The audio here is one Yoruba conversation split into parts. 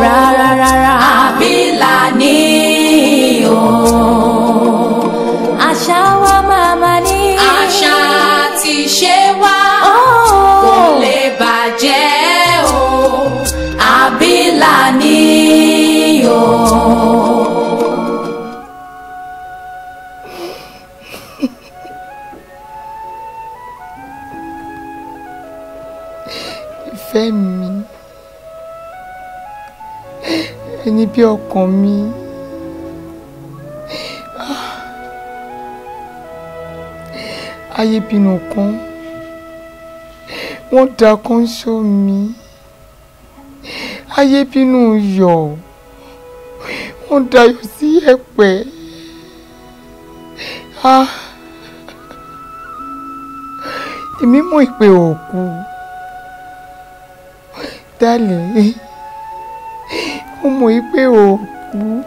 right. mi. ayé bínú kan wọ́n da kan só mi ayé bínú yọ wọ́n dayọ̀ sí ẹ̀pẹ́ ah. èmi mọ̀ ìpè òkú dálẹ̀ mo mọ̀ ìpè òkú wú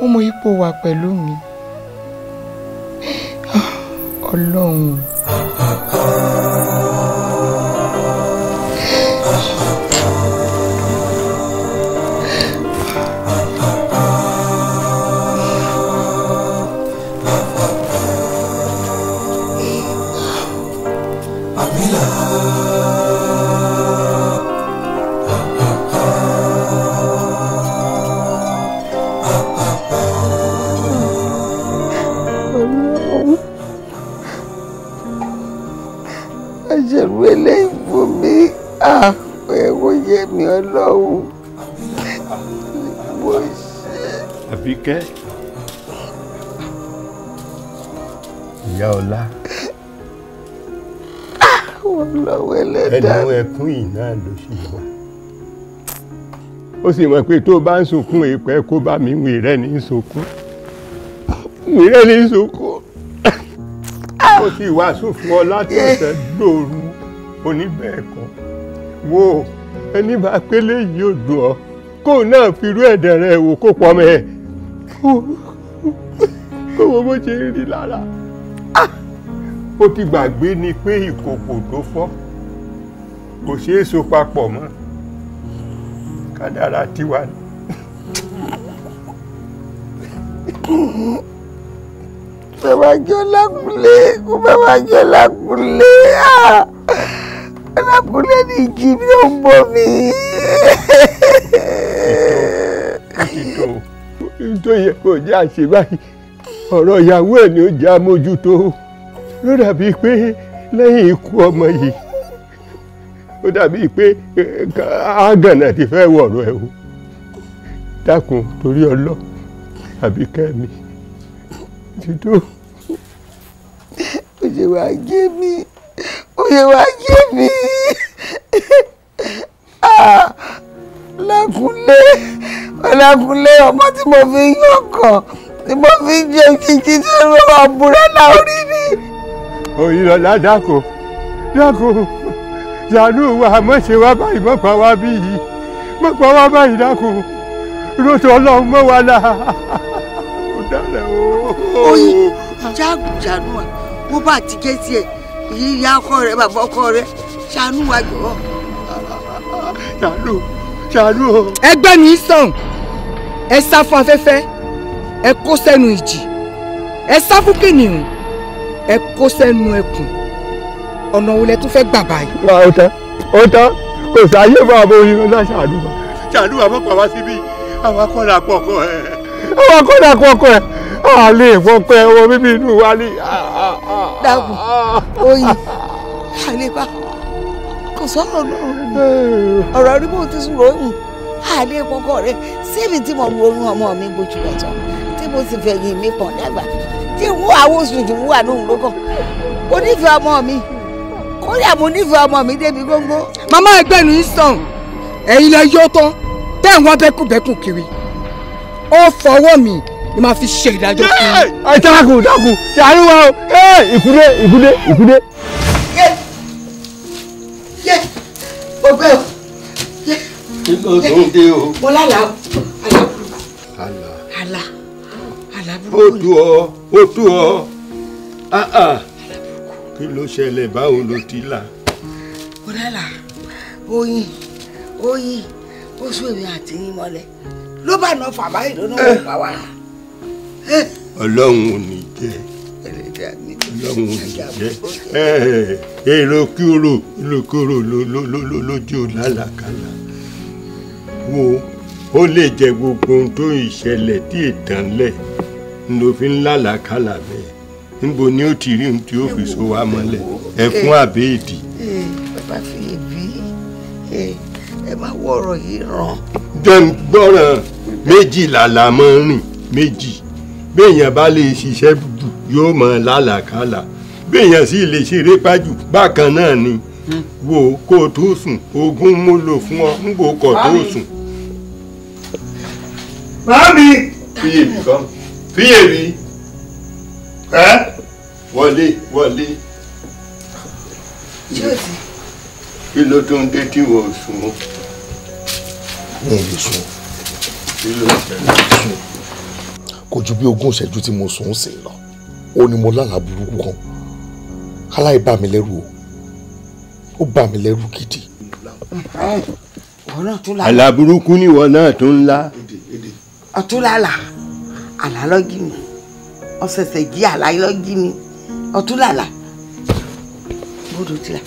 mo mọ ipò wà pẹ̀lú mi ah, ọlọ́run. Ah, ẹ̀wọ̀ yé mi ọlọ́run mo ṣe. àbíkẹ́ ìyá ọlá. Ah, ọlọ́run ẹlẹ́dàá. ẹnu ẹkún yìí náà ló ṣì wà. ó sì mọ̀ pé tó o bá ń sunkún èèpẹ̀ kó bá mi wèrè ní sunkún wèrè ní sunkún ó ti wàásù fún ọ láti ọ̀sẹ̀ eh. dòru oníbẹ̀ẹ̀kọ́ wo ẹni bá pélé yìí ò dùn ọ kóun náà fi irú ẹ̀dẹ̀ rẹ wò kó pọ̀ mẹ́ kó wo bó ṣe rí lára ah! ó ti gbàgbé ni pé ìkòkò tó fọ́ kò ṣeé so papọ̀ mọ́ kádàrá tiwa ni. bàbá jọlá kúlé bàbá jọlá kúlé. Ah! alákùnrin ní ìjì mi ò ń bọ̀ mí. tó yẹ kó jẹ́ àṣẹ báyìí ọ̀rọ̀ ìyàwó ẹ̀ ni ó jẹ́ àmójútó ló dàbí pé lẹ́yìn ikú ọmọ yìí ó dàbí pé àgànà ti fẹ́ wọ̀rọ̀ ẹ̀ o dákun torí ọlọ́ àbí kẹ́mi oyè wa jẹ́ mi ah, lákúnlé ọlákúnlé ọmọ tí mo fi ń yọkàn tí mo fi ń jẹ títí tí ó rọ àbúrẹ́là orí mi. òyìnlọ́lá dákò dákò ṣàánú wa mọ̀ṣẹ́ wa báyìí mọ̀pá wa bí yìí mọ̀pá wa báyìí dákò rótò ọlọ́run mọ́ wa la kò dára o. oyin ìjà àgùjà nù ẹ mo bá àtijẹ́ sí ẹ yíyá ọkọ rẹ bàbá ọkọ rẹ ṣàánú wa jọ̀ọ́. ṣàánú ṣàánú o. ẹgbẹ́ mi sàn ẹ sá fún afẹ́fẹ́ ẹ kó sẹ́nu ìjì ẹ sá fún kìnìún ẹ kó sẹ́nu ẹkùn ọ̀nà wo lẹ tún fẹ́ gbà báyìí. ó tán ó tán kò sáyé fún àbọ̀ oyin ọlá ṣàánú wa ṣàánú wa mọ̀ pàmò síbí àwọn akọ́nà àpọ̀ ọkọ ẹ̀. àwọn akọ́nà àpọ̀ ọkọ ẹ̀ a lè fọpẹ́ ọmọ bíbí inú wa ni. dàbò oyin àlepa kò sọ̀rọ̀ lọ́rùn ọ̀rọ̀ rí bó ti sùn lóyún àlẹ́ kọ́kọ́ rẹ síbi tí mo mú oyún ọmọ mi gbójú lọ́tọ̀ tí mo sì fẹ̀yìn mi pọ̀ dàgbà tí wú àwọn oṣù tí wú àdóhùn ló kàn mo nífẹ̀ẹ́ ọmọ mi kódà mo nífẹ̀ẹ́ ọmọ mi débi góńgó. màmá ẹgbẹ́nu yìí sàn ẹ̀yin lẹ yọ tán tẹ́ ẹ̀ wọ́n bẹ́kùbẹ́kù kiri ó fọwọ́ mi ni màá fi ṣe ìdájọ́ fún yín. ẹ dákun dákun ṣàánú wa o ìkúdé ìkúdé ìkúdé. yé yé mo gbé o yé yé mo lálàá o àlá àlá àlá burúkú. ó tu ọ ó tu ọ ah, ah. kí ló ṣẹlẹ̀ báwo ló ti là. mo lálà oyin oyin ó sún èmi àti yín mọ́lẹ̀ ló bá nà fàbáyé lónà òun pa wá ọlọ́run ò ní jẹ́ ọlọ́run ò ní jẹ́ èrò kúrò èrò kúrò lójú lálàkàlà wo ó lè jẹ gbogbo ohun tó ìṣẹ̀lẹ̀ tí ìtànlẹ̀ ló fi ń lálàkàlà bẹ́ẹ̀ níbo ni ó ti rí ohun tí ó fi so wa mọ́lẹ̀ ẹ̀fún àbẹ́ẹ̀dì. bàbá fi èbí ẹ máa wọ ọ̀rọ̀ yìí ràn. jẹun gbọ́ràn méjìlá la máa ń rìn méjì béèyàn bá lè ṣiṣẹ́ jù yóò mọ lálàkálà béèyàn sì lè ṣeré pájù bákan náà ni wo kó o tó sùn ogún mo lò fún ọ ń wo kó o tó sùn. Màámi. Fíyèmí kan. Fíyèmí. Ẹ́. Wọlé wọlé. Kí ló tó ń dé tí wọ́n sùn? Wọ́n lè sùn. Kí ló ń sùn? kò ju bí ogún ìṣẹ́jú tí mo sùn sí lọ ó ní mo lálàá burúkú kan aláì bà mí lẹ́rù o ó bà mí lẹ́rù gidi. àlá burúkú ni ìwọ náà tún ń lá. ọtún lálà àlá lọ́gì mi ọ̀sẹ̀sẹ̀ jí àlá lọ́gì mi ọtún lálà tí la.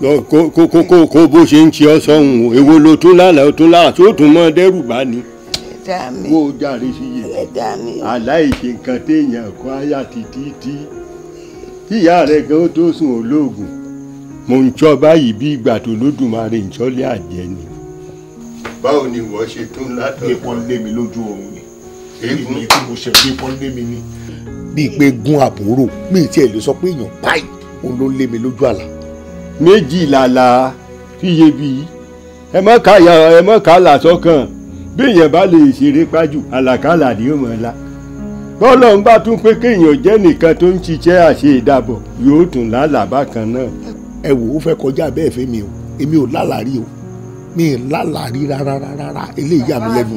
wo kó kó kó kó bó ṣe ń ṣe ọ sọ́hun o èwo ló tún lálà ó tún lálà tó tún mọ́ dẹ́rù bá ni ẹlẹ́dàá mi. wọ́n ò jàre sí iye. ẹlẹ́dàá mi. aláìṣe nǹkan téèyàn kọ́ àyà títí kíyà rẹ̀ gan tó sùn olóògùn mò ń jọ báyìí bí ìgbà tó lódùmarè ń jọ́lé àjẹ́ ni. báwo ni wọ́n ṣe tún látọ̀. epo ń lé mi lójú oorun ni èmi tí mo ṣe epo ń lé mi ni. bíi pé gun àbúrò mi tiẹ̀ lè sọ pé èèyàn báyìí òun ló lé mi lójú àlá. méjì làlà tíye ẹ mọ́ ká yà ẹ mọ́ ká là sọ́kàn bí èèyàn bá lè ṣeré pájù àlàkálà ni ó mọ̀ ọ́n la bọ́lọ̀ ń bá tún pé kéèyàn jẹ́ nìkan tó ń ṣiṣẹ́ àṣe ìdàbọ̀ yóò tún lálàá bákan náà. ẹ wò ó fẹ́ kọjá bẹ́ẹ̀ fẹ́ mi o èmi ò lálàárí o mi ì lálàárí rárá rárá eléyìí yà mí lẹ́nu.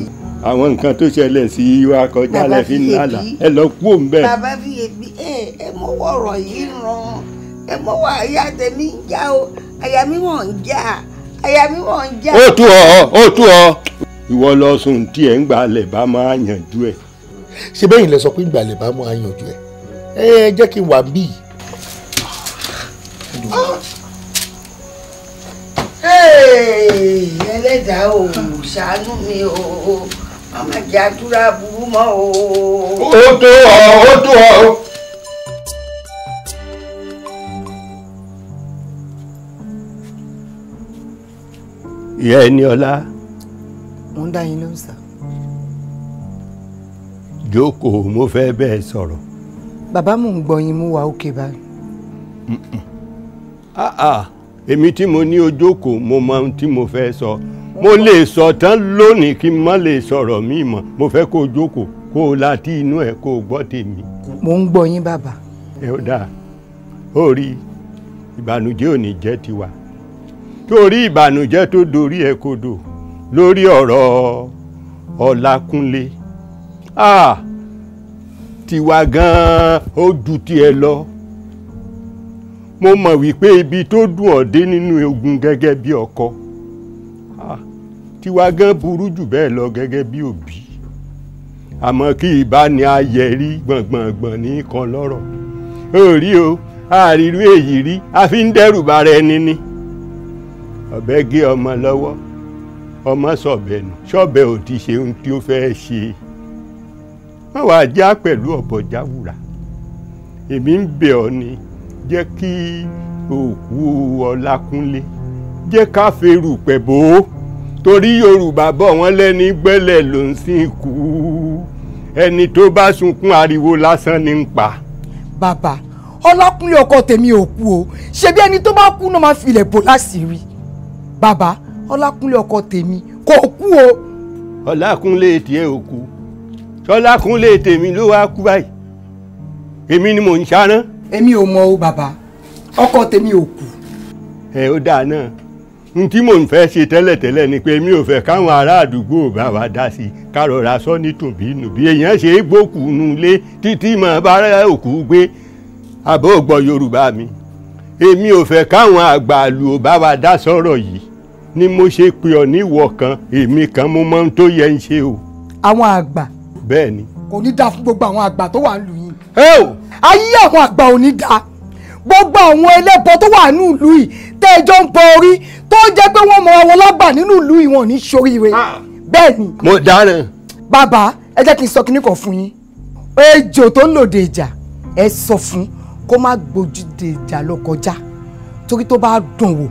àwọn nǹkan tó ṣẹlẹ̀ sí wa kọjá lẹ fi ń lálà ẹ lọ kú òun bẹ́ẹ̀. bàbá fi èbí ẹ ẹ mọwọ ọ̀rọ̀ yìí ràn ẹ mọwọ àyà tèmi ń já o àyà mi wọ́n ń já àyà mi wọ́n ń já. ó tú ọ ó tú ọ ìwọ lọ sùn tí ẹ̀ ń gbalẹ̀ bá máa yànjú ẹ̀. ṣé bẹ́yìn lẹ sọ pé gbalẹ̀ bá máa yànjú ẹ̀ ẹ jẹ́ kí n wà bí. ẹlẹ́dàá o ṣàánú mi o mama jẹ́ àdúrà burú mọ́ o. ó tó ọ ó tó ọ. ìyá ẹni ọlá mo ń dá yín lóhùn sà. jókòó mo fẹ́ bẹ́ẹ̀ sọ̀rọ̀. bàbá mò ń gbọ́ yín mú wa òkè báyìí. Ah, ah. èmi tí mo ní ojókòó mo mọ ohun tí mo fẹ́ sọ mo lè sọ tán lónìí kí n má lè sọ̀rọ̀ míì mọ́ mo fẹ́ kó o jókòó kó o láti inú ẹ̀ kó o gbọ́ tèmi. mo ń gbọ́ bàbá. ẹ ó dáa ó rí ìbànújẹ́ ò ní jẹ́ tiwa torí ìbànújẹ́ tó dorí ẹ kodò lórí ọ̀rọ̀ Ọlákúnlé ah tiwa gan-an ó ju tiẹ̀ lọ mo mọ̀ wípé ibi tó dùn ọ́ nínú ogun gẹ́gẹ́ bí ọkọ ah tiwa gan burú jù bẹ́ẹ̀ lọ gẹ́gẹ́ bí òbí àmọ́ kí ìbá ni ayẹ̀rí gbọ̀ngbọ̀ngbọ̀n ní kan lọ́rọ̀ òrí o àrírú èyí rí a fi ń dẹ́rù bara ẹni ni ọ̀bẹ gé ọmọ lọ́wọ́ ọmọ sọ̀bẹ̀ nù sọ̀bẹ̀ ò ti ṣe ohun tí ó fẹ́ ṣe wọ́n wàá já pẹ̀lú ọ̀bọ̀ jáwùrà èmi ń bẹ̀ ọ́ ni jẹ́ kí òkú Ọlákúnlé jẹ́ ká fèrú pẹ̀bó torí Yorùbá bọ̀ wọ́n lẹ́ni gbẹ́lẹ̀ ló ń sìnkú ẹni tó bá sunkún ariwo lásán ni ń pa. bàbá Ọlákúnlé ọkọ tèmi ò kú o ṣebí ẹni tó bá kú náà máa filẹ̀ bò láṣìírí bàbá ọlákúnlé ọkọ tèmi kò kú o. ọlákúnlé tiẹ̀ ò kú ṣọlákúnlé tèmi ló wá kú báyìí èmi ni mò ń ṣáná. èmi ò mọ o bàbá ọkọ tèmi ò kú. ẹ ó dáa náà n tí mò ń fẹ́ ṣe tẹ́lẹ̀tẹ́lẹ̀ ni pé mi ò fẹ́ káwọn ará àdúgbò bá wa dá sí i ká rọra sọ nítùbínú bí èèyàn ṣe é gbókùnú lé títí mọ̀ bá òkú gbé àbọ̀ ògbọ́ yorùbá mi èmi ò fẹ́ káwọn àgbàlù bá wa dá sọ̀rọ̀ yìí ni mo ṣe pè ọ ní ìwọ èmi kan mo mọ ohun tó yẹ ń ṣe o. àwọn àgbà. bẹ́ẹ̀ ni. kò ní dáa fún gbogbo àwọn àgbà tó wà lù yín. ẹ o. ayé àwọn àgbà ò ní dáa gbogbo àwọn ẹlẹ́bọ tó wà nínú ìlú yìí tẹ́jọ́ ń bọ orí tó jẹ́ pé wọ́n mọ àwọn lágbà nínú ìlú yìí wọn ò ní ṣoríire. Ah! bẹ́ẹ̀ ni. mo dáná. bàbá ẹ jẹ́ kí n sọ kinní kan fún yín ejò tó lòdì ìjà ẹ sọ fún kó má gbójú de ìjà lọ kọjá torí tó bá dùn wò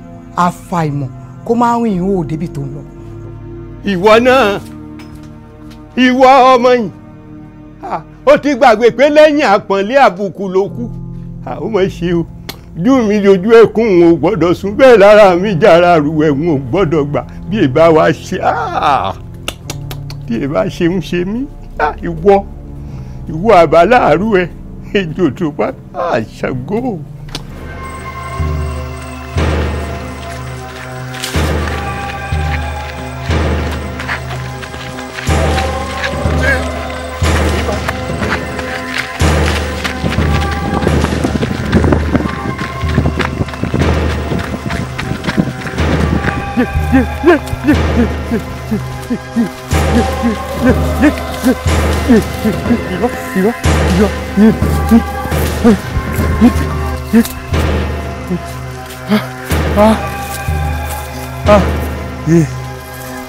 àfàìmọ̀ kó máa ń rìn ìhó débi tó ń lọ. ìwọ náà ìwọ ọmọ yìí ó ti gbàgbé pé lẹ́yìn àpọ́nlé àbùkù ló kù ó mọ̀ ṣe o ojú mi lójú ẹkún n ò gbọ́dọ̀ sùn bẹ́ẹ̀ lára mi jára ruwẹ̀ n ò gbọ́dọ̀ gbà bí ẹ bá wa ṣe bí ẹ bá ṣe ń ṣe mí ìwọ ìwọ àbá ẹ ejò tó bá ṣàgó.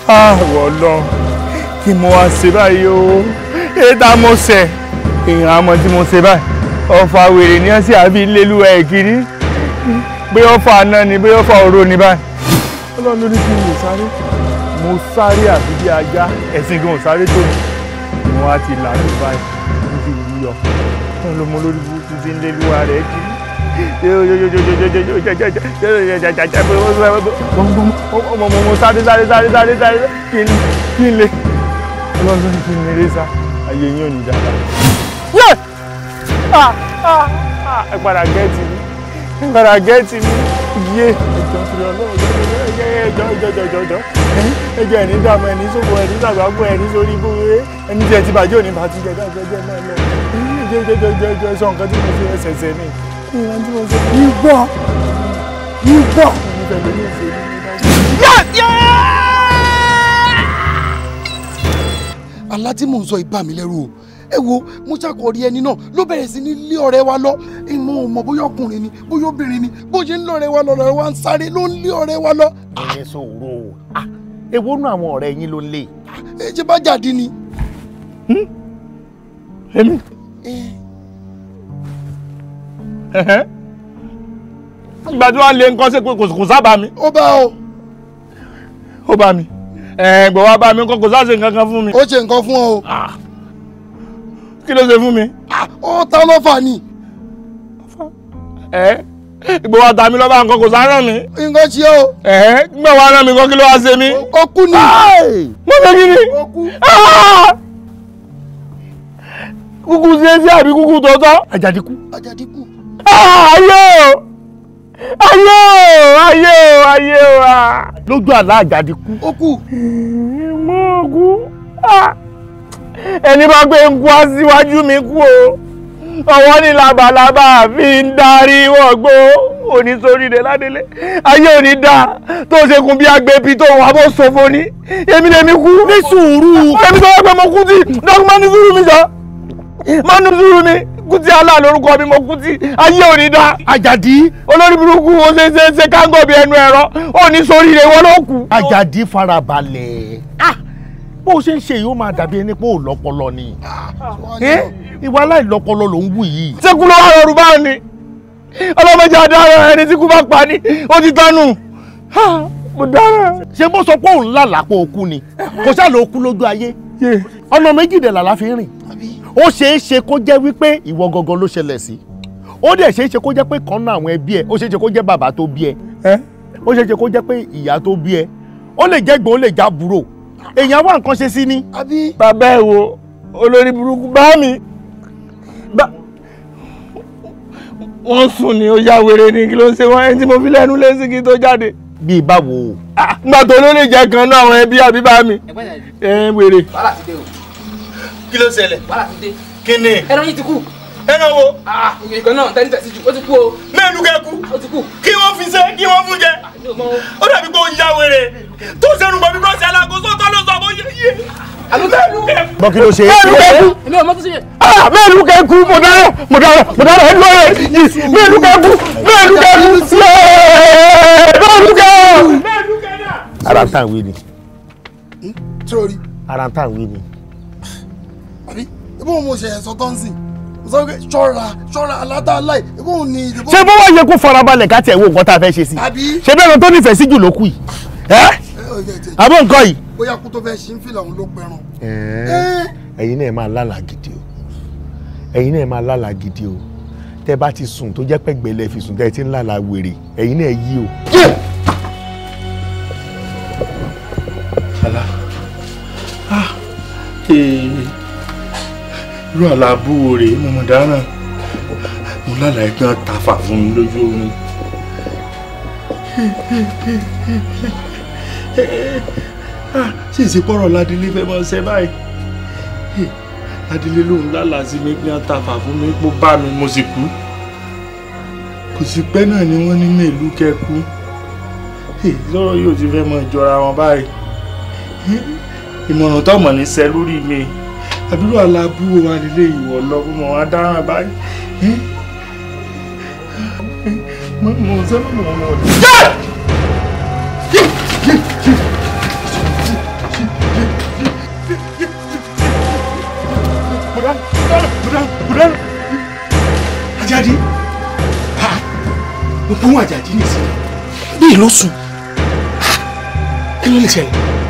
àwọ̀ lọ kí mo wá ṣe báyìí o ètà mo ṣẹ̀ èèyàn àmọ́ tí mo ṣe báyìí ọ̀fà wèrè ní ọ̀sẹ̀ àbí lélúwẹ̀ẹ́ kiri bí ọ̀fà náà ni bí ọ̀fà òru ni báyìí ọlọ́run ló ní kí n lè sáré mo sáré àfi bí ajá ẹ̀sìn gan sáré tó mi mo á ti là ní báyìí mo ti wù yọ wọn ló mọ lórí burúkú tí ń lé lúwa rẹ kiri ọmọ mo sáré sáré sáré sáré sáré kí n lè ọlọ́run ló ní kí n lè rí sá ayé yín ò ní dáadáa. Ah, ah, ah. ẹ padà gẹ́ẹ̀tì mi ẹ padà gẹ́ẹ̀tì mi iye ẹ̀jọ̀ kiri ọlọ́run ẹ̀jọ̀ ẹ̀jọ̀ ẹ̀jọ̀ ẹ̀jọ̀ ẹ̀jọ̀ ẹ̀jọ̀ sórí ibú ẹni tí ti bàjẹ́ òní bàtí jẹ dájọ́ jẹ́ náà lọ ẹ̀jọ̀ ẹ̀jọ̀ nǹkan tí mo fi ẹsẹ̀ ṣẹ̀ ni ìwọ ìwọ. alá tí mò sọ ibà mi lẹ́rù o ẹ wo mo ṣàkọ rí ẹni náà ló bẹ̀rẹ̀ sí ní lé ọ̀rẹ́ wa lọ ìmọ̀ ò mọ̀ bóyá ọkùnrin ni bóyá obìnrin ni bó ṣe ń lọ ọ̀rẹ́ wa lọ ọ̀rẹ́ wa ń sáré ló ń lé ọ̀rẹ́ wa lọ. ẹ sọ òru o ah, èwo nù àwọn ọ̀rẹ́ yín ló ń lé. ẹ ṣe bá jáde ni. Hm? èmi. gbàdúrà lè ń kọ́ sí kò sábà mi. ó bá o. ó bá mi. ẹ̀ gbọ́ wá bá mi kó kò sáà ṣe nǹkan kan fún mi. ó ṣe nǹkan fún ọ o. Ah kí ló ṣe fún mi. Ah, ó ta lọ́fà ni. ẹ ìgbò wa tà mí lọ́ba nǹkan kò sáárọ̀ mi. nǹkan ṣe o. ẹ gbọ́dọ̀ wa rán mi nǹkan kí ló wá ṣe mí. O kú ni. mo lè kí ni. ó kú. Ah! kúkú sí ẹsẹ àbí kúkú tọ́tọ́. Àjàdí kú. Àjàdí kú. Ah, ayé o ayé o ayé o ayé o. lójú àlá Àjàdí kú. kú. mo kú ẹni bá gbé ń wá síwájú mi kú o ọwọ́ ní labalábá fi ń darí wọ̀gbọ́ onísoríire ládélé ayé òní dá tó ṣe kun bí agbẹ́bí tó wà bó sọ̀fọ̀ ni èmi lèmi kú. ní sùúrù. èmi sọ pé mo kú tí dọ́kúmọ́ ní sùúrù mi sọ má ní sùúrù mi kú tí aláà lórúkọ mi mo kú tí ayé òní dá. àjàdí. olórí burúkú o ṣe ṣe ṣe káńgọ̀ ẹnu ẹ̀rọ onísoríire wọ́n ló kù. àjàdí farabalẹ̀. ah bó ṣe ń ṣe yìí ó máa dàbí ẹni pé ò lọ́pọlọ ni ah. eh? ìwà aláìlọ́pọlọ ló ń wù yìí. sẹ́kù ló wà lọ́rùn báà ni ọlọ́mọdé adára ẹni tí kú bá pa ni ó ti tánú mo dára. ṣé mo sọ pé òun lálàá pé òkú ni kò ṣáà ló kú lójú ayé ọ̀nà méjìdínláàlá fi ń rìn ó ṣeé ṣe kó jẹ́ wípé ìwọ gangan ló ṣẹlẹ̀ sí ó dẹ̀ ṣeé ṣe kó jẹ́ pé kan náà àwọn ẹbí ẹ ó ṣeé ṣe kó jẹ́ bàbá tó bí ẹ ó ṣeé ṣe kó jẹ́ pé ìyá tó bí ẹ ó lè jẹ́ gbọ́n ó lè já búrò èèyàn wá nǹkan ṣe sí ni. bàbá ẹ wo olórí burúkú bá mi wọ́n sùn ni ó ya wèrè ni kí ló ń ṣe wọ́n ẹni tí mo fi lẹ́nu lẹ́sìn kí tó jáde. bí i báwo. nígbà tó ló lè jẹ kan náà àwọn ẹbí àbí bá mi. ẹ wèrè. wàhálà ti dé o. kí ló ṣẹlẹ̀. wàhálà ti dé. kí ni. ẹran yìí ti kú ẹnà wo. Ah, ìgbìkan náà tẹ́lifẹ̀ sí ju ó ti kú o. mẹ́ẹ̀lú kẹ́ kú. ó ti kú. kí wọ́n fi ṣe kí wọ́n fún jẹ. Ah, ó dàbí pé ó ń ya wèrè tó sẹ́nu bọ̀ bíbọ̀ sí alákòóso tó ló sọ bó yẹ yé. Bọ́ kí ló ṣe é? Mẹ́ẹ̀lú kẹ́kú. Mẹ́ẹ̀lú ah, kẹ́kú. Mo dára mo dára mo dára ẹ̀ lọ́rẹ̀ yìí. Mẹ́ẹ̀lú kẹ́kú. Mẹ́ẹ̀lú kẹ́kú. Mẹ́ẹ̀lú kẹ́kú. Ara ń tàn wí ni. Sori. Ara ń tàn wí ni. Àbí ebí mo ṣe ẹ̀sọ́ tó ń sìn ṣọ́ra ṣọ́ra aláta aláì ìwọ ni ìdìbò. ṣé bó wá yẹ kó farabalẹ̀ ká tiẹ̀ nǹkan tá a fẹ́ ṣe sí i ṣé bẹ́ẹ̀ tó nífẹ̀ẹ́ sí jù ló kù yìí ẹ́ àbọ̀ nǹkan yìí. bóyá kó tó fẹ́ ṣí ń fìlà òun ló pẹran. ẹ̀yin náà máa lálà gidi o ẹ̀yin náà máa lálà gidi o tẹ́ bá ti sùn tó jẹ́ pẹ́gbẹ́lẹ́ fi sùn tẹ́ ti ń lálà wèrè ẹ̀yin náà yí o. ala ah ee irú àlàbù rèé mo mọ̀ dáràn mo lálàá ẹgbẹ́ tàfà fún mi lójú oorun. Ah, sì sí pọ̀rọ̀ ládìlé fẹ́ mọ́ ṣe báyìí ládìlé lòun lálàá sí mi ẹgbẹ́ tàfà fún mi pó bá mi mo sì kú kò sí pẹ́ náà ni wọ́n ní mèlú kẹ́kú lọ́rọ̀ yóò ti fẹ́ mọ́ ìjọra wọn báyìí ìmọ̀ràn tọ́mọ̀ ní sẹ́ lórí mi àbúrò aláàbúrò wa lélẹ̀ ìwọ̀ lọ́wọ́ mọ̀ wá dáhùn báyìí. mo mo ṣe mo mọ̀ ọ́ Ajadi, ha, mo kún Ajadi nìsín, bí ìlú sùn, kí ló lè ṣẹlẹ̀?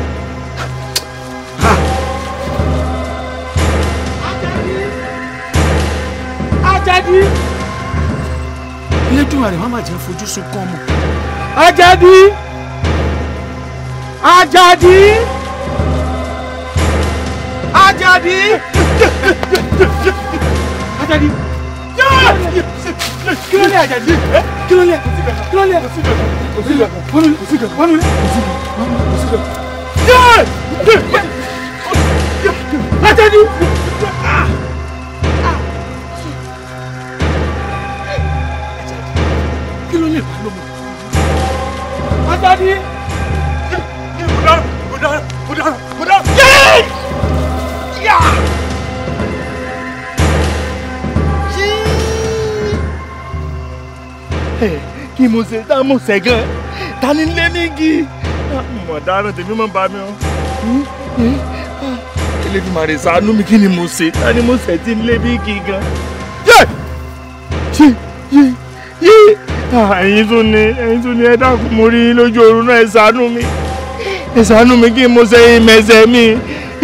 Elédùmarè má má jẹ́ fojú sunkún ọmọ. Àjàdí Àjàdí Àjàdí Àjàdí kí ló lé Àjàdí kí ló lé kí ló lé wọnú lé wọnú lé Àjàdí. daddy. Put down, put down, put down, put down. Get it! Yeah! kí mo ṣe tá mo ṣe gan ta ni lé ní igi mo dáná tèmi mọ bá mi o eléyìí máa rè sànú Ah, ẹ̀yin tún ni ẹ̀yin tún ni ẹ dákun mo rí lójú oorun náà ẹ ṣàánú mi ẹ ṣàánú mi kí mo ṣe ìmẹ̀sẹ̀ mi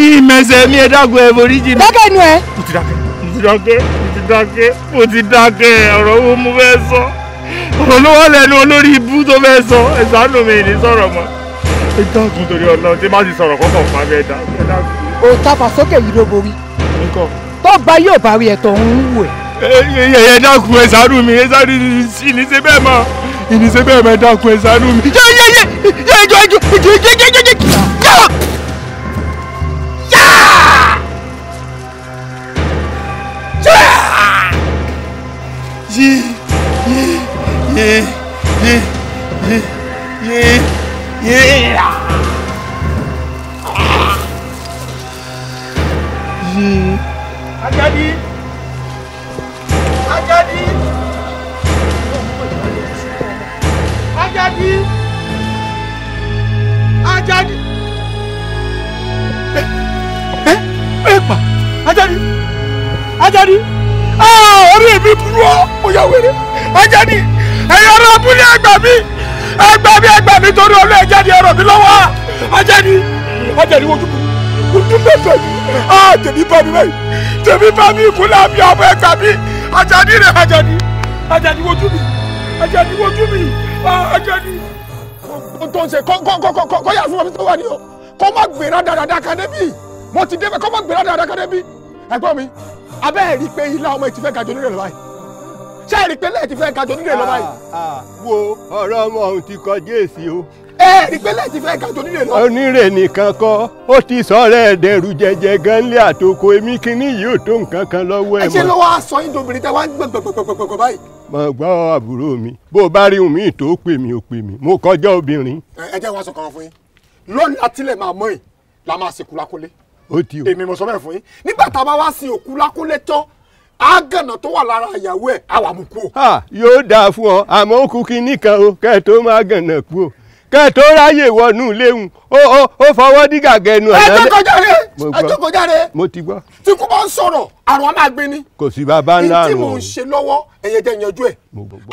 ìmẹ̀sẹ̀ mi ẹ dákun ẹ forí jìnnà. dákẹ́ nu ẹ. mo ti dákẹ́ mo ti dákẹ́ mo ti dákẹ́ mo ti dákẹ́ ọ̀rọ̀ wo mo fẹ́ sọ ọ̀rọ̀ ló wà lẹ́nu olórí ibú tó fẹ́ sọ ẹ ṣàánú mi ní sọ̀rọ̀ mọ́ ẹ dákun torí ọlọ́run tí má ti sọ̀rọ̀ kọ́kọ́ fún abẹ́ ẹ dákun. òòtà fàsókè yìí ló borí. tó bá yóò bá rí ẹ̀tọ́ ń ẹ dákun ẹ ṣàánú mi ẹ ṣàánú mi ìníṣe bẹ́ẹ̀ mọ ìníṣe bẹ́ẹ̀ mọ ẹ dákun ẹ ṣàánú mi. yẹ yẹ yẹ yẹ jọ jọ jẹ jẹ jẹ jẹ jẹ yà yà yà yé yé yé yé yé yé yé yà. Ajadi. Àjàdí Àjàdí ẹ ẹ ẹ pa Àjàdí Àjàdí aa orí mi burú ọ mo yà wẹrẹ Àjàdí ẹyọ ọ̀rọ̀ abúlé ẹgbà mi ẹgbà mi ẹgbà mi torí ọlọ Àjàdí ọ̀rọ̀ mi lọ́wọ́ Àjàdí Àjàdí wojú mi wojú mẹsàn mi aa tèmi bá mi báyìí tèmi bá mi ìkúlẹ̀ àbí ọmọ ẹgbà mi Àjàdí rẹ Àjàdí Àjàdí wojú mi Àjàdí wojú mi. Ah, ọjọ́ ni tó ń ṣe kọ́ yà fún mi tó wà ní o kọ́ má gbéra dáadáa kan débi mo ti débẹ̀ kọ́ má gbéra dáadáa kan débi ẹ̀gbọ́n mi abẹ́ ẹ̀ rí i pé ilá ọmọ ẹ̀ ti fẹ́ gajọ nílẹ̀ lọ́wọ́ yìí ṣé i pé lẹ́ẹ̀ ti fẹ́ gajọ nílẹ̀ lọ́wọ́ yìí. Ah, ah, wo ọ̀rọ̀ ọmọ òun ti kọjú èsì o. ẹ ẹ rí i pé lẹ́ẹ̀ ti fẹ́ gajọ nílẹ̀ lọ. onírè nìkan kọ́ ó ti sọ̀rọ̀ ẹ̀ dẹ̀rù jẹjẹ gan lé àtòkò èmi kínní yìí ò tó nǹkan kan lọ́wọ́ ẹ̀ mọ́. ẹ ṣe ló wá sọ tẹ wá ń gbẹgbẹgbẹgbẹ báyìí mo gbọ́ àbúrò mi bó o bá rí ohun míì tó pè mí ò pè mí mo kọjá obìnrin. ẹ jẹ́ wàá sọ kan fún yín lónìí àtìlẹ̀ máa mọ̀ yìí la máa sìnkú lákólé. ó ti o èmi mo sọ bẹ́ẹ̀ fún yín nígbà tá a bá wá sin òkú lákólé tán àgànà tó wà lára ìyàwó ẹ̀ àwa o. yóò dáa fún ọ àmọ́ ó kú kínní kan o kẹ́ ẹ tó máa gànà kú o kẹtọ ráyè wọnú léwu ó fọwọ́ dí gàgẹ́ nu ọ̀nà. ẹjọ́ kọjá rẹ ẹjọ́ kọjá rẹ mo ti gbọ́. tí kò bá ń sọ̀rọ̀ àrùn á máa gbé ni. kò sí bàbá ńlá àrùn. ní tí mò ń ṣe lọ́wọ́ ẹ̀yẹ jẹ́ yanjú ẹ̀.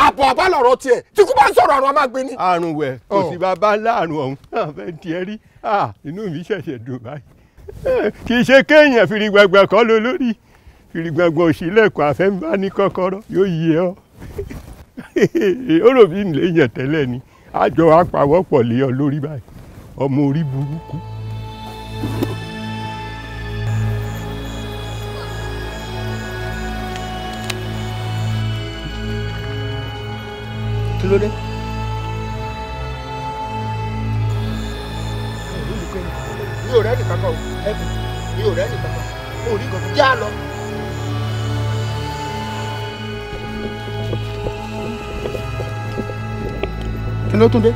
àbọ̀ àbá lọ̀rọ̀ tiẹ̀ tí kò bá ń sọ̀rọ̀ àrùn á máa gbé ni. àrùn wẹ̀ kò oh. sí bàbá ńlá àrùn ọ̀hún náà fẹ́ tiẹ̀ rí inú mi ṣẹ̀ṣẹ̀ dùn báyìí. kì í ṣe kéèyàn àjọ apàwọ́pọ̀ lé ọ lórí báyìí ọmọ orí burúkú. kí ló dé. mi ò rẹ́ nìkan kan o ẹ̀bùn mi ò rẹ́ nìkan kan o ò rí kankan já lọ. kí ló tún dé.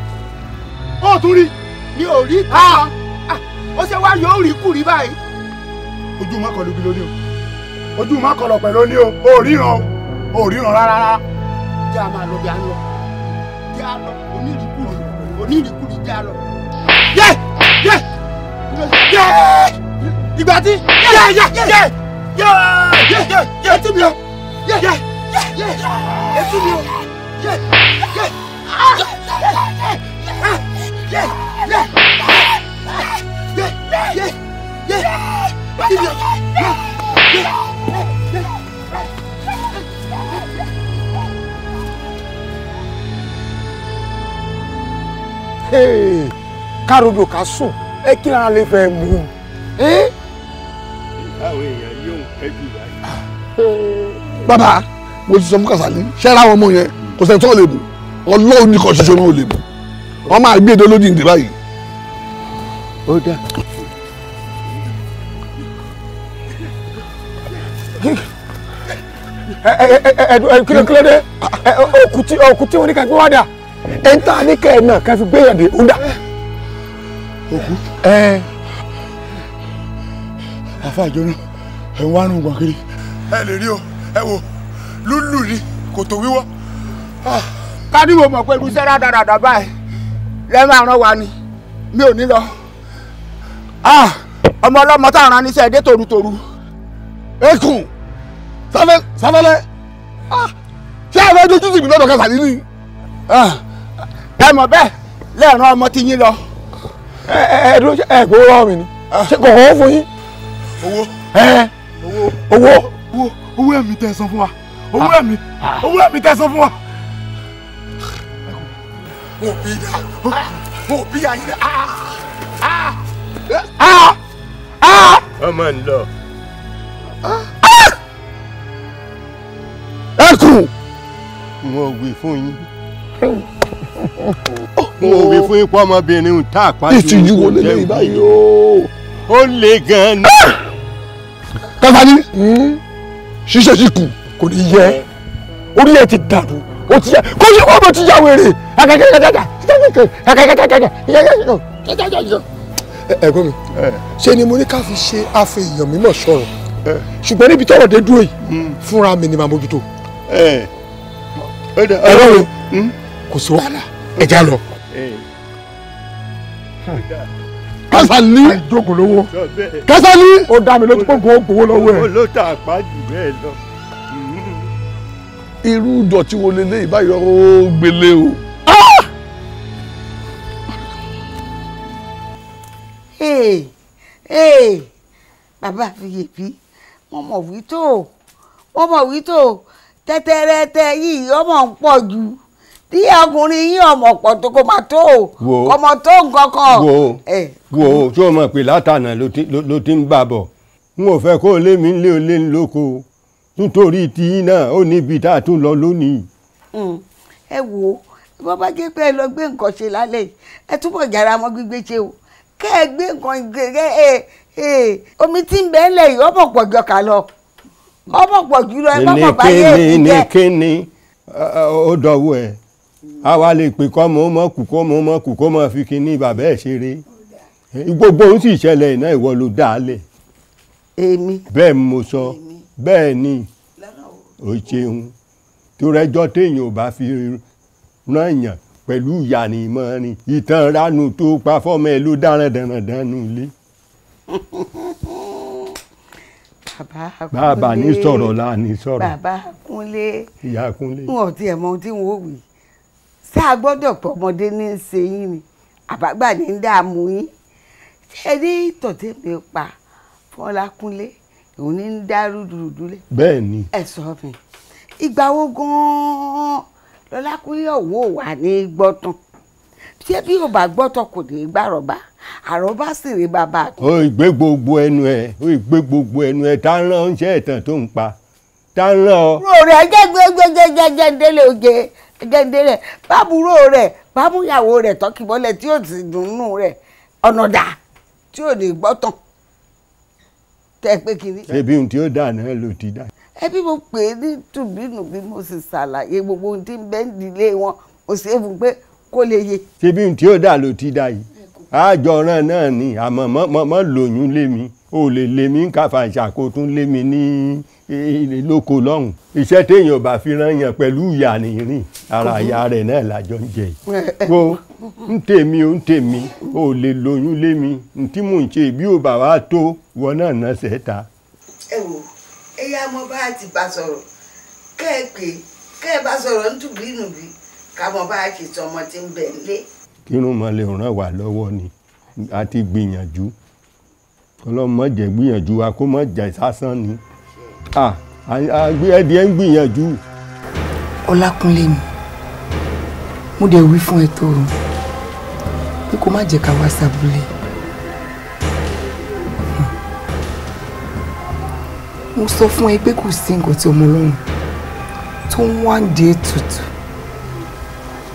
ó tún rí. mi ò rí kankan ó ṣe wá yóò rí kùrí báyìí. ojú má kọlu bí lóní o ojú má kọlọ pẹ̀lú ní o ò ríran o ò ríran rárá. jẹ́ a máa lọ bí a ń lọ jẹ́ a lọ onírìkúrì onírìkúrì jẹ́ a lọ. yẹ yẹ yẹ ìgbà tí yẹ yẹ yẹ yẹ yẹ yẹ yẹ etí mi o yẹ yẹ yẹ etí mi o yẹ yẹ károdò ká sùn ẹ kí lára lè fẹ́ mú un. báwo èèyàn yóò fẹ́ jù bàbá mo ti sọ fún Kàsálí ṣẹ́ra àwọn ọmọ yẹn kò sẹ́ni tó lè bù. ọlọ́run nìkan ṣoṣo ló lè mú wọ́n máa gbé èdè olódìndé báyìí. ó dà. kílódé kílódé òkùtì òkùtì oníkàgbé wà dà ẹ̀ ń tà ní kẹ́ẹ̀ náà kẹ́ẹ̀ fi ó dà. òkú àfa ń wá gbọ̀n kiri. ẹ lè rí o ẹ wo lúlù ni kò tó wíwọ́. Ah. kádìmọ̀ mọ̀ pé irúṣẹ́ rádaràdà báyìí lẹ́mọ̀ àrán wa ni mi ò ní lọ ah, ọmọ ọlọ́mọ tá à ń ránṣẹ́ ẹ̀dẹ́ torutoru. ekun sáfẹ́lẹ́ ah, ṣé àwọn ẹjọ́ títì mi lọ́dọ̀ kẹfà nínú yìí. ẹ mọ̀ ọmọ ti yín lọ. ẹ ẹ dúró ṣe ẹ gbowó lọ́wọ́ mi ni ah. ṣe kò fún yín. owó owó owó owó ẹ̀mí tẹ̀sán fún wa owó ẹ̀mí owó ẹ̀mí tẹ̀sán fún wa wọn ò bí yà wọn ò bí yà yìí ọmọ ń lọ. Ah! ẹkùn wọn ò wí fún yín wọn ò wí fún yín pọ́ ọmọbìnrin tá a pàṣẹ ìtìjú wo lè lẹ́yìn báyìí o. ó le gan-an. Ah! Hmm. ṣíṣe sí kù kò ní yẹ orí ẹ ti dàrú ó ti yẹ kó ṣe kó ọmọ ti yà wèrè ẹ̀gbọ́n mi ṣe ni mo ní ká fi ṣe àfihàn mímọ̀ sọ̀rọ̀ ṣùgbọ́n níbi tọ́rọ̀ dé dúró yìí hmm. fúnra mi ni màá mójútó. ẹ̀rọ o hmm? kò sí wàhálà ẹ̀já lọ. Kásálí ìjókòó lówó Kásálí ó dá mi lójú pọ̀npọ̀ gbowó lọ́wọ́ ẹ̀. ló ta àpá jù bẹ́ẹ̀ lọ. Hmm. irú ìdọ̀tí wo leléyìí báyọ̀ ó gbélé o. ee ee bàbá àfiyèbí wọ́n mọ̀ wí tó wọ́n mọ̀ wí tó tẹ́tẹ́rẹ́tẹ́ yìí ọmọ ń pọ̀ jù tí ọkùnrin yín ọmọ pọ̀ tó kó máa tó ọmọ tó nǹkan kan. wo wo tí o mọ̀ pé látànà ló ti ń gbà bọ̀ n ò fẹ́ kó o lé mi lé o lé lóko nítorí tiyín náà ó níbi tá a tún lọ lónìí. Hmm, ẹ wo bó bá jẹ́ pé ẹ lọ gbé nǹkan ṣe lálẹ́ ẹ túbọ̀ jára mọ́ gbígbé ṣe o kẹ́ ẹ gbé nǹkan ìgbé ẹ ẹ eh, eh, omi tí ń bẹ ń lẹ̀ yìí ọ̀pọ̀ pọ̀ jọ kà lọ ọ̀pọ̀ pọ̀ jù lọ ẹ bá bàbá yé èyí jẹ́. ní kíni ó dọ̀wọ́ ẹ̀ a wá lè pè kọ́ mọ́ mọ́ kù kọ́ mọ́ mọ́ kù kọ́ mọ́ fi kíní bàbá ẹ̀ ṣeré gbogbo ohun sì ṣẹlẹ̀ iná ìwọ ló dá a lẹ̀. bẹ́ẹ̀ mo sọ bẹ́ẹ̀ ni o ṣeun tó rẹjọ́ téèyàn ò bá fi rán èèyàn pẹ̀lú ìyànìmọ́rin ìtàn ránù tó pa fọ́mọ ẹ̀ ló dáràn dànàdàn nulẹ̀. bàbá ní sọ̀rọ̀ la ní sọ̀rọ̀. bàbá kúnlé ìyá kúnlé. n ò tiẹ̀ mọ ohun tí n ò wí ṣé a gbọ́dọ̀ pọ̀ ọmọdé ní í ṣe yín ni àbágbà ní í dààmú yín ṣé ní tọ̀tẹ̀ mi pa fọlákúnlé òun ní í dá rúdurùdú lé. bẹ́ẹ̀ ẹ sọ mi ìgbà wo gan-an lọ́lákúnlé ọ̀hún ò wà ní gbọ́tàn ṣé bí ò bá gbọ́tàn kò ní gbàrọ̀bá àròbá sì rí bàbá. ó gbé gbogbo ẹnu ẹ ó gbé gbogbo ẹnu ẹ tá ń rán oúnjẹ ẹ̀tàn tó ń pa tá ń rán ọ. rò rẹ jẹ gbẹgbẹgbẹgbẹ ndélé oge gẹ́gẹ́rẹ́ bábúrò rẹ̀ bámúyàwó rẹ̀ tọ́kìbọ́lẹ̀ tí ó ti dùnnú rẹ̀ ọ̀nà dà tí ò ní gbọ́tàn tẹ́ pé kiri. ṣebí ohun tí ó dà náà ló ti dà ẹbí mo pè é ní tùbínú bí mo sì ṣàlàyé gbogbo ohun tí ń bẹ́ ń dilé wọn mo sì fún pé kó lè yé. ṣebí tí ó dà ló ti dà yìí àjọràn náà ni àmọ́ mọ́ lòyún lé mi ò lè lé mi ń káfa ìṣàkótún lé mi ní e, e, lóko lọ́hùn iṣẹ́ téèyàn bá fi rán yàn pẹ̀lú ìyá nìrìn ara ìyá rẹ̀ náà làjọ ń jẹ wo ń tèmi ó ń tèmi ò lè lóyún lé mi ntí mò ń ṣe bí ò bá wa tó wọn náà náà ẹ wo ẹ yá mọ bá ti bá sọ̀rọ̀ kẹ́ ẹ pé kẹ́ ẹ bá sọ̀rọ̀ ń dùbí nùbí ká mọ bá ṣe tọ ọmọ tí ń bẹ nílé. kírun mọ lè ràn wá lọ́wọ́ ni a ti gbìyànjú ọlọ́mọ jẹ́ gbìyànjú wa kó mọ̀ jẹ́ sásán ni àgbé ẹ̀dí ẹ̀ ń gbìyànjú. ọlákúnlé mi mo dẹ̀ wí fún ẹ tó o pé kó má jẹ́ ká wá sábúlé. mo sọ fún ẹ pé kò sí nǹkan tí ọmọ ọlọ́run tó ń wá ń di ètùtù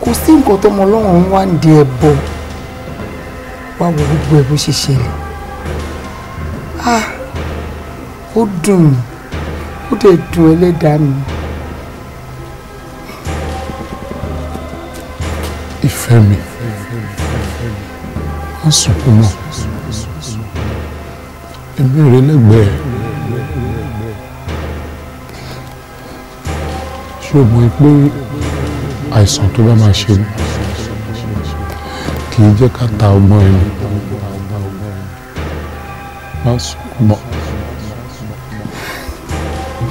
kò sí nǹkan tó ọmọ ọlọ́run ń wá ń di ẹbọ wá wo gbogbo ẹ bó ṣe ṣẹlẹ̀ ah ó dùn ó dẹ̀ dùn ẹlẹ́dàá mi. ìfẹ́ mi wọ́n sùn kú ẹgbẹ́ rẹ lẹ́gbẹ̀ẹ́. ṣé o mọ̀ pé àìsàn tó bá máa ṣe ni kì í jẹ́ ká ta ọgbọ́n ẹnu má sùn mọ́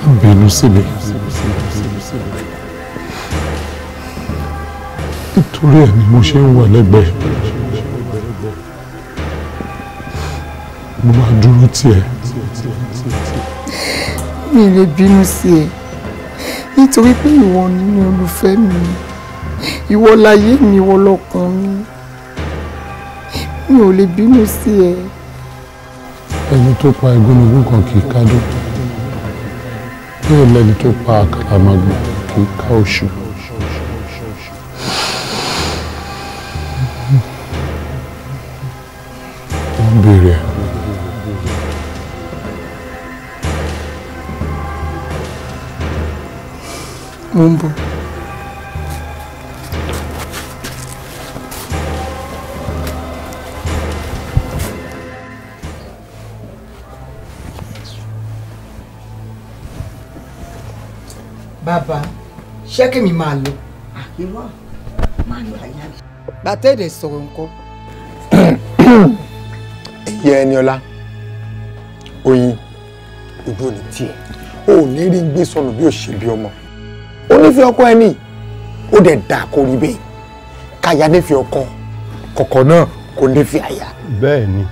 má bínú síbi nítorí ẹ̀ ni mo ṣe ń wà lẹ́gbẹ̀ẹ́ mo máa dúró tiẹ̀. mi lè bínú sí ẹ nítorí pé ìwọ ni olùfẹ́ mi ìwọ láyé mi ìwọ lọ́kàn mi mi ò lè bínú sí ẹ. ẹni tó pa igúnnugún kan kì í kádùn bẹ́ẹ̀ lẹ́ni tó pa àkàlà màgbà kì í ká òṣùwọ̀n. mo ń bọ̀. bàbá ṣé kí mi máa lọ. àyíwá máa lọ àyà mi. bàtẹ́ẹ̀dẹ̀ sọ̀rọ̀ nǹkan. ìyá Ẹniọlá oyin ojú tiẹ̀ o ò ní rí gbé sọnù bí ò ṣe bí ọmọ nífẹ̀ẹ́ ọkọ ẹni ó dẹ̀ dà kó rí bẹ́ẹ̀ káyà nífẹ̀ẹ́ ọkọ kọ̀kọ̀ náà kò nífẹ̀ẹ́ àyà. bẹ́ẹ̀ ni.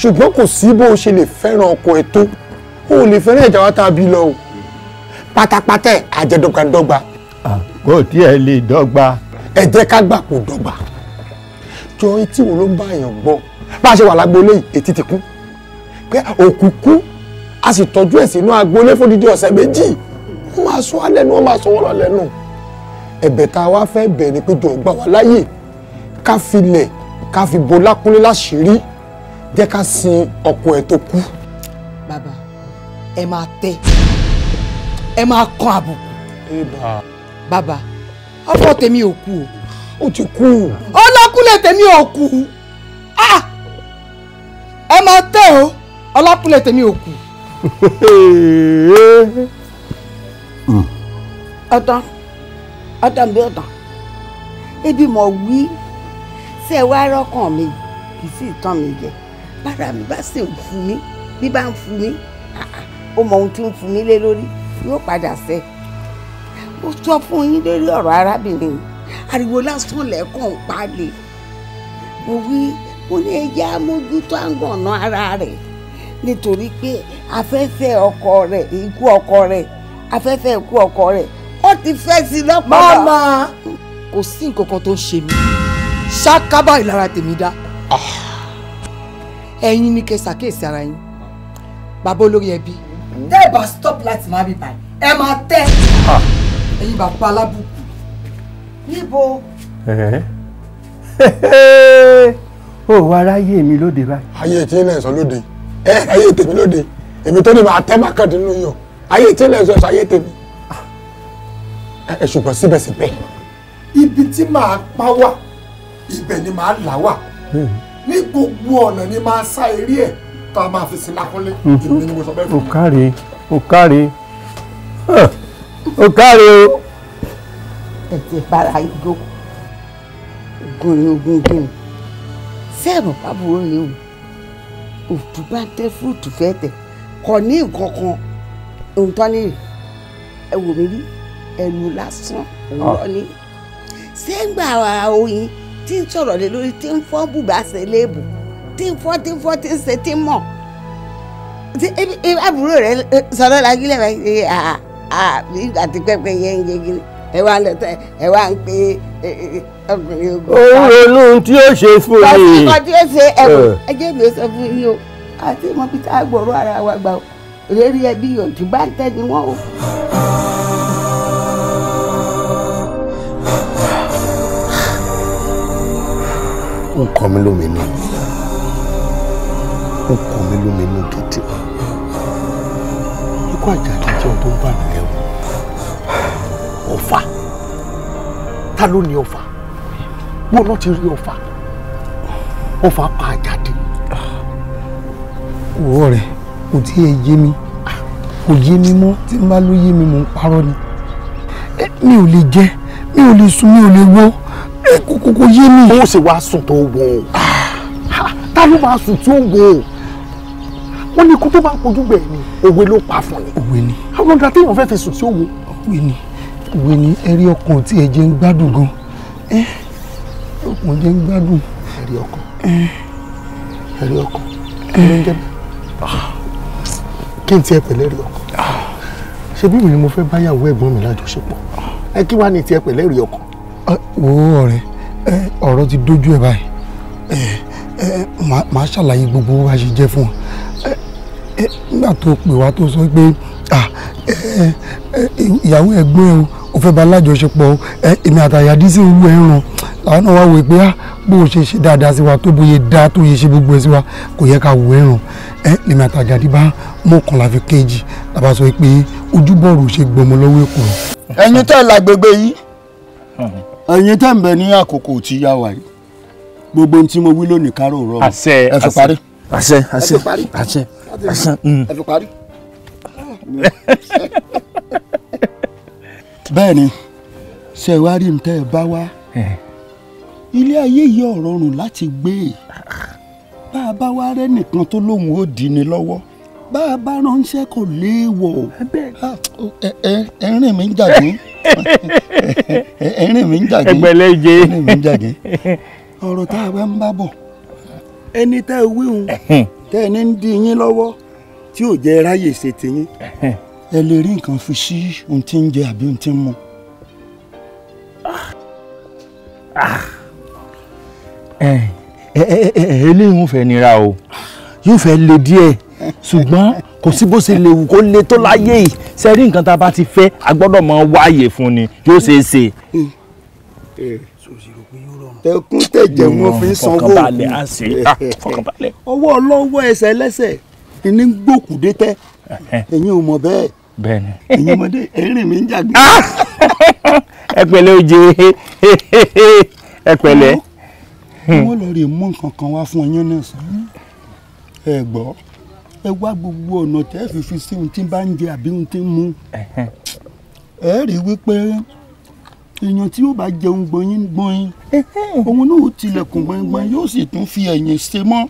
ṣùgbọ́n kò sí bó o ṣe lè fẹ́ràn ọkọ ẹ tó o lè fẹ́ràn ẹ̀já wa tá a bí lọ o pátápátá ẹ̀ àjẹdọ́gbadọ́gba. kò tí ẹ lè dọ́gba. ẹ jẹ́ ká gbà kó dọ́gba jọ etí wo ló ń bá èèyàn gbọ́ bá a ṣe wà lágboolé yìí etí ti kú pé òkú kú a sì tọ́jú ẹ̀ sínú agboolé fódìdí ọ̀sẹ̀ méjì wọ́n máa sọ wá lẹ́nu wọ́n máa sọ wọ́n lọ lẹ́nu ẹ̀bẹ̀ tá a wá fẹ́ bẹ̀ ni pé jọ gbà wá láyè ká filẹ̀ ká fi bo lákúnlé láṣìírí jẹ́ ká sin ọkọ ẹ̀ tó kú. bàbá ẹ máa tẹ ẹ máa kan àbùkù. bàbá ọkọ tèmi ò kú o. ó ti kú. ọlákúnlé tèmi ò kú ah! ẹ máa tẹ o ọlákúnlé tèmi ò kú. ọtán ọtán bí ọtán ebi mọ wí ṣe wá rọkàn mi kì í sì tán mi jẹ bára mi bá sì ń fún mi bí bá ń fún mi ó mọ ohun tí ń fún mi lé lórí yóò padà ṣe mo sọ fún yín lórí ọ̀rọ̀ arábìnrin ariwo lásán lẹ́kàn palẹ̀ mo wí mo ní ẹja mójútó àgànná ara rẹ̀ nítorí pé afẹ́fẹ́ ọkọ rẹ̀ ikú ọkọ rẹ̀ afẹ́fẹ́ ikú ọkọ rẹ̀ ó ti fẹ́ sí lọ́pọ̀lọpọ̀. mama kò sí nǹkan kan tó ń ṣe mí ṣákábà ìlara tèmi dá ah. ẹ̀yin ni kẹ́ ṣàkíyèsí ara yín bàbá olórí ẹbí tẹ́ ẹ bá stop láti má bí báyìí ẹ máa tẹ́ ah. ẹ̀yin bàbá alábùkù níbo. ó wá oh, aráyé mi lóde báyìí. ayé tí ń lẹ̀ lóde ayé tèmi lóde èmi tó ní máa tẹ́ bákàndínlóyún ayé tí ń lẹ̀ ayé tèmi ẹ ṣùgbọ́n síbẹ̀síbẹ̀. ibi tí màá pa wà ibẹ̀ ni màá là wà hmm. ní gbogbo ọ̀nà ni màá sá eré ẹ̀ tá a máa fi sí lakúnlé hmm. o káre o káre o káre o. ẹ ti bára igbó ogun ni ogun gbé mi sẹ́ẹ̀mù pàbùrọ̀ o òtún bá tẹ fúrúùtù fẹ́ tẹ̀ kọ̀ ní nǹkan kan ohun tó ní ẹ wò mí rí ẹnu lásán òwúrọ̀ ah. ni sẹ́ngbà oyin tí ń sọ̀rọ̀ lé lórí tí ń fọ́ bùbá ṣe léèbù tí ń fọ́ tí ń fọ́ tí ń ṣe tí ń mọ̀ tí àbúrò rẹ eh, sọ̀rọ̀ la gílẹ̀ bá ṣe eh, àgbà tí pẹ́pẹ́ yẹn ń yege ẹ wá lọ tẹ ẹ wá ń pè eh, ọkùnrin ogun. òun ronú tí ó ṣe fún mi. lọ́sí kan tí ó ṣe ẹ̀wọ̀n ẹjẹ́ mi ò sọ fún yín o àti mọ́pítà gbọ̀rọ̀ ara wa gbà o lórí ẹbí yòókù bá ń tẹ́ wọ́n o. nǹkan mi lóminú nǹkan mi lóminú gidi ikú àjàdí jẹ́ ohun tó ń bà mí lẹ́rù ọ̀fà ta ló ní ọ̀fà wọn náà ti rí ọ̀fà ọ̀fà pa àjàdí. òwò rẹ̀ kò tí ì yé mi kò yé mi mọ́ tí n bá ló yé mi mò ń parọ́ ni mi ò lè jẹ mi ò lè sùn mi ò lè wò kókó yé mi. ó ṣe wá sùn tó o, ta ló máa sùn tí ó o, wọ́n ní ikú tó bá kojú gbẹ̀ ni òwe ló pa fún ni. òwe ni. àwọn ọ̀dà téèyàn fẹ́ fi sùn sí òwe. òwe ni òwe ni ẹ̀rí ọkàn tí ẹ̀jẹ̀ ń gbádùn gan ẹ́ ọkàn jẹ́ ń gbádùn. ẹ̀rí ọkàn ẹ̀rí ọkàn kí ló ń jẹ́ bẹ́ẹ̀ ah. kí n tiẹ̀ pẹ̀lẹ́ rí ọkàn ah. ṣé bí mi ni mo fẹ́ báyàwó ẹ̀gbọ́n mi lájọṣepọ̀ ah. ẹ kí wàá ní tiẹ̀ pẹ̀lẹ́ rí ọkàn wo ọ̀rẹ́ ọ̀rọ̀ ti dójú ẹ̀ báyìí màá ṣàlàyé gbogbo bá ṣe jẹ́ fún ọ nígbà tó pè wá tó sọ pé ìyàwó ẹ̀gbọ́n ẹ̀ o fẹ́ bá lájọṣepọ̀ èmi àtàyà dísè olú ẹ̀ ràn àwọn náà wá wò pé bó o ṣe ṣe dáadáa sí wa tó bóyá dá tó yẹ ṣe gbogbo ẹ̀ sí wa kò yẹ ká wò ẹ̀ ràn èmi àtàyà díbá mọ̀kànlá fi kéjì làbá sọ pé ojúbọ̀rù ṣe gbọmọ lọ́wọ́ èkó. ẹ̀yin tẹ́ ẹ lágbègbè yìí. Hmm ẹ̀yin tẹ́ ń bẹ ní àkókò tí yá wa yìí gbogbo ohun tí mo wí lónìí kárò rọ àṣẹ ẹ fi parí àṣẹ àṣẹ àṣẹ àṣẹ mm. ẹ fi parí. bẹ́ẹ̀ ni ṣe wá rí ntẹ́ ẹ bá wá eh. ilé ayé yìí ọ̀rọ̀ rùn láti gbé bá a bá wá rẹ́ nìkan tó lóun ó dì ní lọ́wọ́ bá a bá ránṣẹ́ kò léèwọ̀ o ah, ẹ̀rín mi ń jàgé ẹ̀rín mi ń jàgé ẹgbẹ̀lẹ́jẹ ẹ̀rín mi ń jàgé ọ̀rọ̀ tá a bá ń bá bọ̀ ẹni tá a wíhun tẹ́ ẹni ń di yín lọ́wọ́ tí ò jẹ́ ráyè ṣe tiyín ẹ lè rí nǹkan fi sí ohun tí ń jẹ àbí ohun tí ń mu. Ah. Ah. Eh, eh, eh, eléyìí ń fẹ́ nira o yóò fẹ́ le díẹ̀ ṣùgbọ́n kò sí bó ṣe léwu kó le tó láyé yìí ṣe rí nǹkan tá a bá ti fẹ́ a gbọ́dọ̀ mọ wáyè fún ni yóò ṣeé ṣe. tẹkún tẹ̀jẹ̀ wọn fi hmm, sanwó òkú ah, ọwọ́ ọlọ́wọ́ ẹsẹ̀ lẹ́sẹ̀ ìní gbòkúdé tẹ́ ẹ̀yin ò mọ̀ bẹ́ẹ̀ bẹ́ẹ̀ni. ẹ̀yin ọmọdé ẹ̀rín mi ń jàgbé. Ah! ẹ pẹ̀lẹ́ oje ẹ pẹ̀lẹ́. wọ́n hmm. lọ rí mú nǹkan kan wá fún ọyún náà sí ẹ gbọ́ ẹ wá gbogbo ọ̀nà tẹ́ fi fi sí ohun tí bá ń jẹ àbí ohun tí ń mu ẹ rí wípé èèyàn tí yóò bá jẹun gbọnyin gbọnyin òun náà ó tilẹ̀kùn gbọnyin gbọnyin yóò sì tún fi ẹ̀yìn ṣe mọ́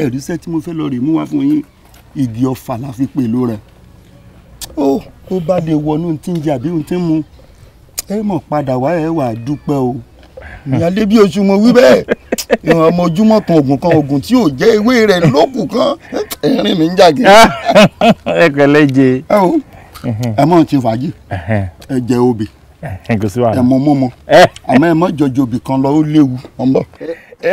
ẹ rí iṣẹ́ tí mo fẹ́ lọ rè mú wá fún yín igi ọ̀fà la fi pèlò rẹ̀ ó kó bá lè wọnú tí ń jẹ àbí ohun tí ń mu ẹ mọ̀ padà wá ẹ wà dúpẹ́ o ní alẹ́ bí oṣù mo wí bẹ́ẹ̀ ìwọ̀n ọmọ ojúmọ́ kan oògùn kan oògùn tí ò jẹ́ ewé rẹ̀ lókù kan ẹ̀rín mi ń jàgé. ẹ pẹ̀lẹ́ jẹ. ẹ o ẹ mọ̀ ti fàájì ẹ jẹ obì ẹ mọ mọ́ mọ́ àmọ́ ẹ mọ̀ jọjọ obì kan lọ ó léwu ọmọ.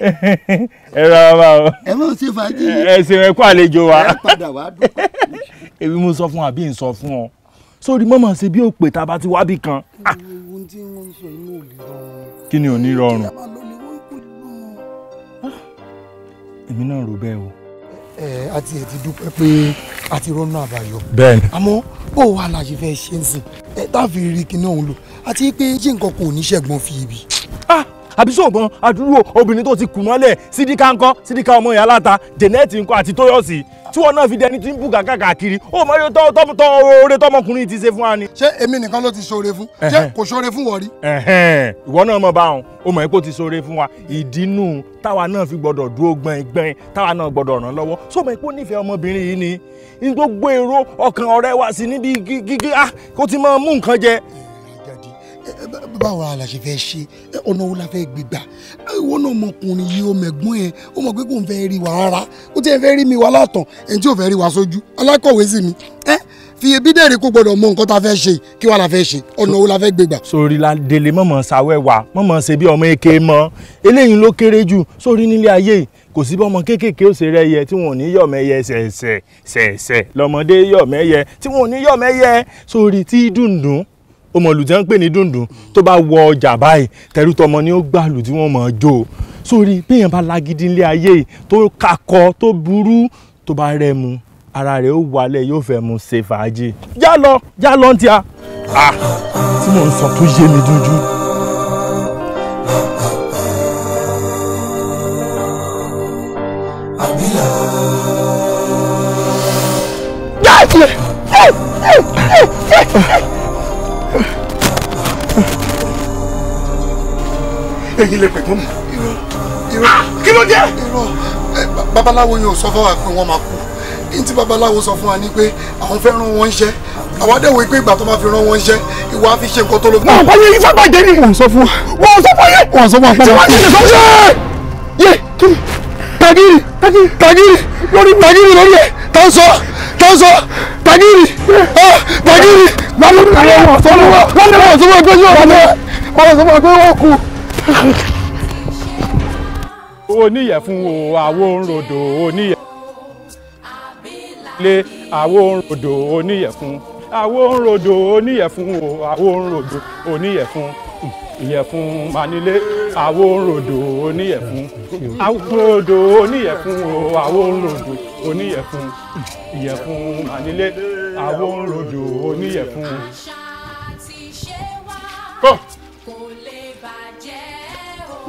ẹ rọra bá o. ẹ mọ̀ ti fàájì. ẹ ṣeun ẹ kó àlejò wa. ẹ padà wá dúpọ̀. èmi mo sọ fún àbí n sọ fún ọ sórí mọ́mọ́ ṣe bí òpè tá a bá ti wá bí kan. ohun ah. tí wọ́n ń sọ inú ò lè rọrùn. kí ni ò ní rọrùn. Ah. èmi náà rò bẹ́ẹ̀ o àti ẹ̀ ti dúpẹ́ pé a ti rọ́nà àbáyọ. bẹ́ẹ̀ni. àmọ́ bó wàá la ṣe fẹ́ ṣe ń sìn ẹ tá a fi rí kinní ọ̀hún lò àti pé jí kò ní ṣẹ̀gbọ́n fi ibi. ah àbí sóògùn àdúrò obìnrin tó ti kù mọ́lẹ̀ sídíkà ńkọ́ sídíkà ọmọ ìyá aláta jẹ̀nẹ́ẹ̀tì ńkọ́ àti tóyọ̀sì tí wọn náà fi dẹni tí ń bùkà káàkiri ó mọ yóò tọ́ tọ́ oore tọmọkùnrin ti ṣe fún wa ni. ṣé èmi nìkan ló ti ṣoore fún ṣé kò ṣoore fún wọ rí. ìwọ náà mọ bá ó mọ̀ pé ó ti ṣoore fún wa ìdínú táwa náà fi gbọ́dọ̀ dúró gbẹ̀ngbẹ̀ng táwa náà gbọ́dọ̀ ràn lọ́wọ́ sọ ma pé ó nífẹ̀ẹ́ ọmọbìnrin yìí ni ní tó gbé èrò ọkàn ọ̀rẹ́ wa sí níbi gígí ah kó ti máa mú nǹkan jẹ báwo la ṣe fẹ́ ṣe ọ̀nà wo la fẹ́ gbígbà ìwọ náà ọmọkùnrin yìí ó mẹ̀gbọ́n ẹ̀ ó mọ̀ pé kò ń fẹ́ rí wa rárá ó tiẹ̀ fẹ́ rí mi wá látàn ẹni ò fẹ́ rí wa sójú alákọ̀wé sí mi ẹ́ fi ebi dẹ̀rẹ̀ kó gbọ́dọ̀ mọ nǹkan tá a fẹ́ ṣe kí wàá la fẹ́ ṣe ọ̀nà wo la fẹ́ gbégbà. sori la délé mọ̀mọ́ sawẹ́wà mọ̀mọ́ ṣe bí ọmọ èké mọ́ eléyìí ló kéré jù sórí nílé ayé kò sí bọ́mọ kéékèèké ó ṣe rẹ́yẹ tí wọn ò ní yọ̀mẹ́yẹ ṣẹ̀ṣẹ̀ ṣẹ̀ṣẹ̀ lọ́mọdé yọ̀mẹ́yẹ tí wọn ò ní yọ̀mẹ́yẹ sórí tí dùndùn ọmọlù tí wọ́n ń pè ní dùndùn tó bá wọ ọjà báyìí tẹ̀lú tọmọ ni ó gbàlù tí wọ́n mọ̀ ọ́ jò sórí béèyàn bá lágídí ilé ayé tó kakọ tó burú tó bá rẹ mu ara rẹ̀ ó wálẹ̀ yóò fẹ́ mu ṣe fàájì. já lọ já lọ ń tíya. ah tí mò ń sọ tó yé mi dúdú. ẹ̀yin lè pẹ̀gbọ́n mi. irọ́ irọ́ kí ló jẹ́. irọ́ babaláwo yóò sọ fún wa pé wọ́n máa kú ní tí babaláwo sọ fún wa ni pé àwọn fẹ́ rán wọn ṣẹ́ àwọn adéwòye pé ìgbà tó máa fi rán wọn ṣẹ́ ìwà á fi ṣe nǹkan tó lọ. wọn kọ́ yé ifá bàjẹ́ ni. wọn sọ fún wa wọn sọ fún yé. wọn sọ fún wa pọ́nmọ́. tí wọ́n ti lè sọ fún yé. tagiri tagiri lórí tagiri lórí ẹ̀ tó ń sọ tó ń sọ tagiri ah, tagiri. wọn lè wọ sọ wọn pé wọn kú oníyẹ̀fun o àwo ń rodò oníyẹ̀fun lé àwo ń rodò oníyẹ̀fun àwo ń rodò oníyẹ̀fun o àwo ń rodò oníyẹ̀fun ìyẹ̀fun manilé àwo ń rodò oníyẹ̀fun àwo ń rodò oníyẹ̀fun o àwo ń rodò oníyẹ̀fun ìyẹ̀fun manilé àwo ń rodò oníyẹ̀fun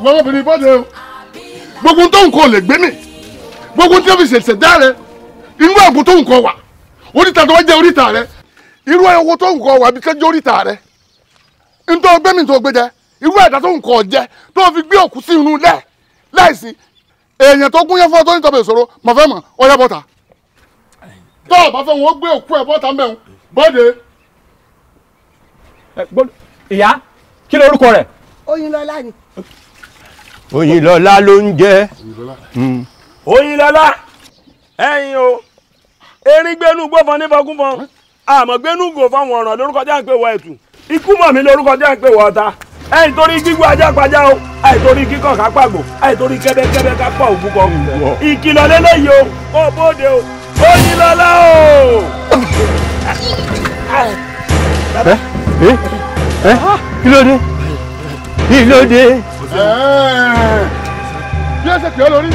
lọ́mọbìnrin bọ́dẹ o gbogbo tó ń kọ lè gbé mi gbogbo tí wọ́n fi ṣẹ̀ṣẹ̀ dá rẹ inú àgbo tó ń kọ wà oríta tó wá jẹ́ oríta rẹ irú ẹwọ tó ń kọ wà bí kẹjọ oríta rẹ ntọ́ gbẹ́mí tó gbé jẹ irú ẹ̀dá tó ń kọ jẹ tó fi gbé òkú sí inú lẹ̀ láìsí èèyàn tó gúnyán fún ọ tó ní tọ́bẹ̀ ìṣòro mọ̀ fẹ́ mọ̀ ọyá bọ́ta tó o bá fẹ́ wọn ó gbé òkú ẹ̀ bọ́ta mẹ́rin bọ́dẹ. ìyá kí lorúkọ rẹ. Oyinlọlá ni. Oyinlọ́lá ló ń jẹ́. Oyinlọ́lá hmm. ẹ̀yin o erin gbénú gbófọn ní fọkúnfọn àmọ́ gbénú gò fáwọn ọ̀ràn lórúkọ tí à ń pè wọ ẹ̀tù ikú mọ̀ mí lórúkọ tí à ń pè wọ ọ̀tá ẹ̀yìn torí gígùn ajá pajá o ẹ̀yìn torí kíkọ̀ ká pàgbò ẹ̀yìn torí kẹ́bẹ́kẹ́bẹ́ ká pọ̀ òkú kọ ìkìlọ̀ lélẹ́yìí o kó bóde o Oyinlọ́lá o. ẹ ẹ kí ló dé kí ló dé. bí ẹ ṣe pè é lórí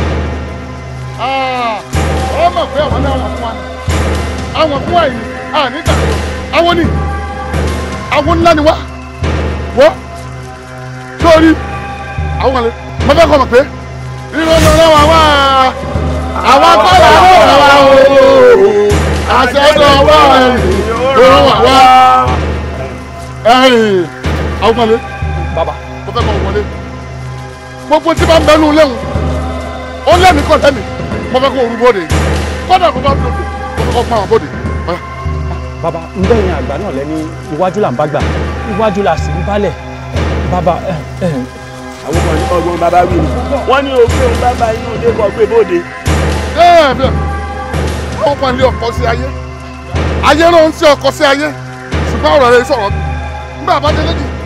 ọ ah, mọ̀ pé àwọn náà wọ̀ fún wa àwọn fún àyè ànígbà àwọn ni àwọn ńlá ni wá wọ́ sórí àwọn kan lè mọ fẹ́ kọ́ mọ̀ pé rírọ́ ló rán wa wá àwọn akọ́là rán wa o àṣẹ ọ̀dọ̀ wa rán wa wá ẹ̀rìn àwọn kan lè. bàbá. fẹ́ mọ̀ wọlé gbogbo tí bá ń o rú bóde kọ́dà kó bá mo fẹ́ kó pa àwọn bóde. Ah. àgbà náà lẹ́ni iwájú là ń bá gbà iwájú là sì ń àwọn ọmọ ọgbọ́n bàbá wí ni wọ́n ní òkè òun bàbá inú ilé kan gbé bóde. bẹ́ẹ̀ ọkọ sí ayé ayé ló ń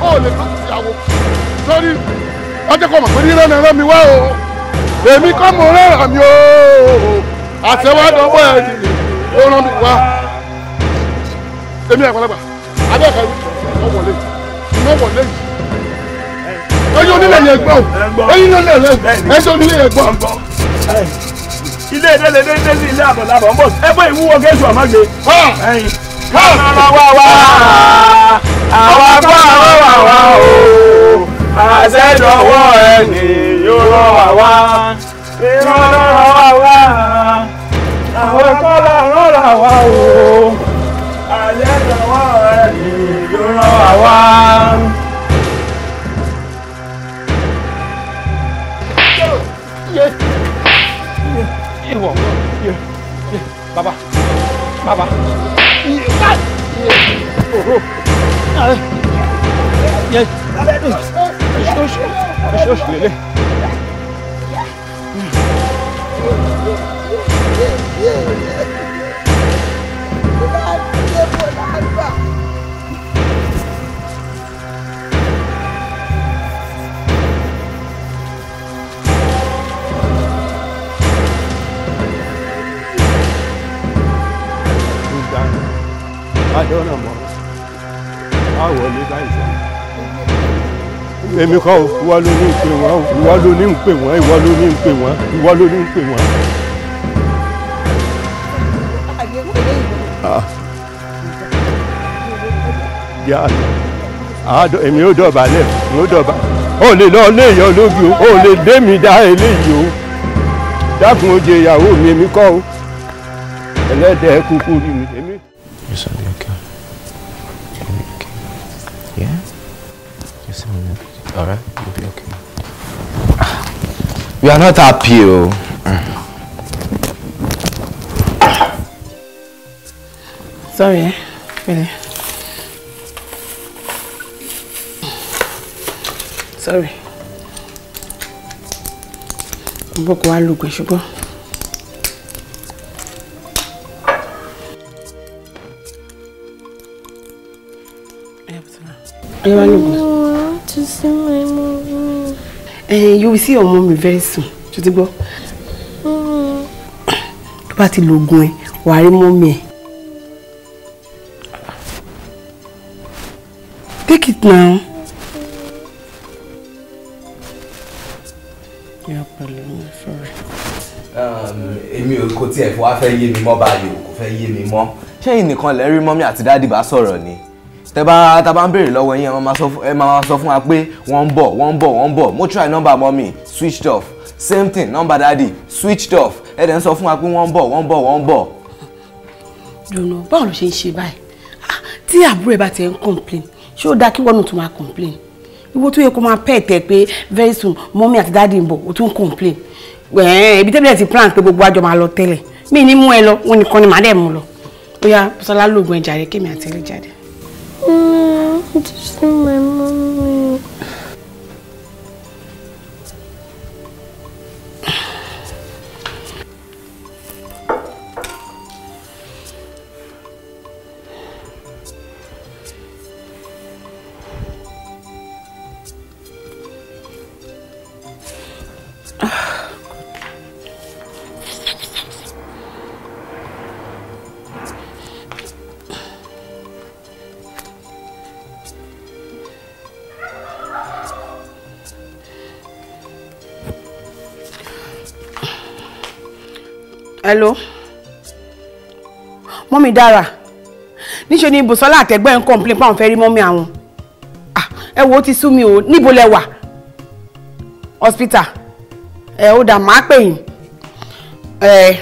ó lè ká sí ìyàwó sórí ọjọ́ kan mọ̀ pé rírẹ́ náà rán mi wá o èmi kọ́ mo rẹ́ràn mi o àtẹwádọ́gbọ́ ẹ̀ nìyí ó rán mi wá èmi àgbàlagbà abẹ́ẹ̀ka ìwé ọwọ́lé ìwọ́wọ́lé yìí ẹjọ́ onílé yẹn gbọ́ ẹyin ló lẹ̀ lẹ́yìn ẹjọ́ onílé yẹn gbọ́. ilé ìdẹ́lẹ̀ déédéé sí ilé àbọ̀lábọ̀ ń bọ̀ ẹgbẹ́ ìwúwo gẹ̀ẹ́sì ọ̀mọ́gbé. ẹyin ká máa wá wá àwa pààrọ̀ àwa o àṣẹjọwọ́ ẹni yóò rọ̀ àwa ìran rọ̀ àwa àwọn kọ́lá rọ̀ àwa o àṣẹjọwọ́ ẹni yóò rọ̀ àwa. Yeah. Yeah. Yeah. Yeah. Yeah. Baba. Baba. Yeah. Yeah. Oh, oh. Gel. Koş koş. Koş koş böyle. Buradan. Hadi ona mı? má wọlé báyìí sọ. èmi kọ́ ìwọ ló ní ń pè wọ́n ìwọ ló ní ń pè wọ́n ìwọ ló ní ń pè wọ́n ìwọ ló ní ń pè wọ́n. Ah. yà àádọ́ èmi ò dọ̀bálẹ̀ mi ò dọ̀bá ò lè lọ lé èèyàn lójú o ò lè dé mi dá eléyìí o dákun ó ìyàwó mi èmi kọ́ ẹlẹ́dẹ̀ẹ́ kúkú rí mi All right, you'll be okay. We are not happy, oh. Sorry, eh? really. Sorry. Boko wa lugbe ṣùgbọ́n. Ẹ wá lugbe see my mommy. Uh, you will see your mommy very soon. Ṣó ti gbọ́? Mm. Tó bá ti lo oògùn ẹ̀, mommy Take it now. Um, èmi sorry. kò tiẹ̀ fún wa fẹ́ yé mi mọ́ báyìí ò kò fẹ́ yé mi mọ́ ṣé ìnìkan lẹ́rí mọ́mí àti dáàdì bá sọ̀rọ̀ ni tẹ́bá tá a bá ń béèrè lọ́wọ́ yín ẹ máa sọ fún wa pé wọ́n ń bọ̀ wọ́n ń bọ̀ wọ́n ń bọ̀ mo try number mommy switched off same thing number daddy switched off ẹ dẹ̀ ń sọ fún wa pé wọ́n ń bọ̀ wọ́n ń bọ̀ wọ́n ń bọ̀. dùnú báwo ló ṣe ń ṣe báyìí ah, tí àbúrò ẹ bá ti ń complain ṣé ó dáa kí wọ́n nù tún máa complain ìwọ tó yẹ kó máa pẹ́ tẹ̀ pé very soon mommy àti daddy ń bọ̀ ó tún complain ibi tẹ́lẹ̀ ti plan pé gbogbo àjọ máa lọ tẹ́lẹ̀ mí ní mú ẹ lọ wọn nìkan ni màá dẹ̀ mú lọ ó yá Bùsọ́lá lóògùn ẹ̀ jàre kémi àtẹ́lẹ̀ jáde. Mm, just my mom. hello mọ́mí dára níṣe ni Bùsọ́lá àtẹ̀gbẹ́ ń complain pé àwọn fẹ́ rí mọ́mí àwọn ah, ẹ wo ti sú mi o níbo lẹ wà hospital ẹ o da má pè yín Eh,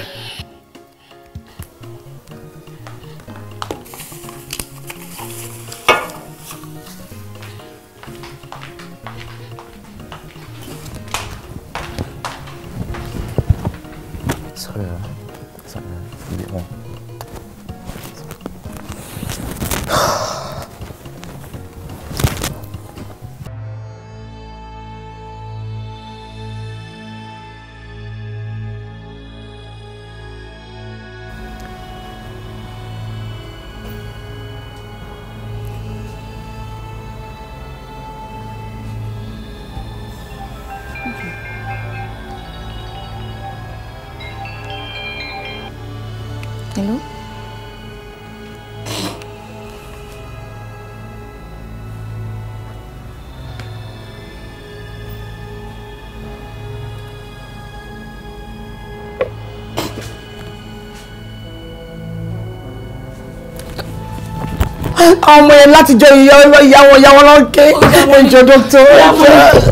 ọmọ yẹn láti jọ ìyá wọn ìyá wọn lọ́kẹ́ mo jọ dókítà.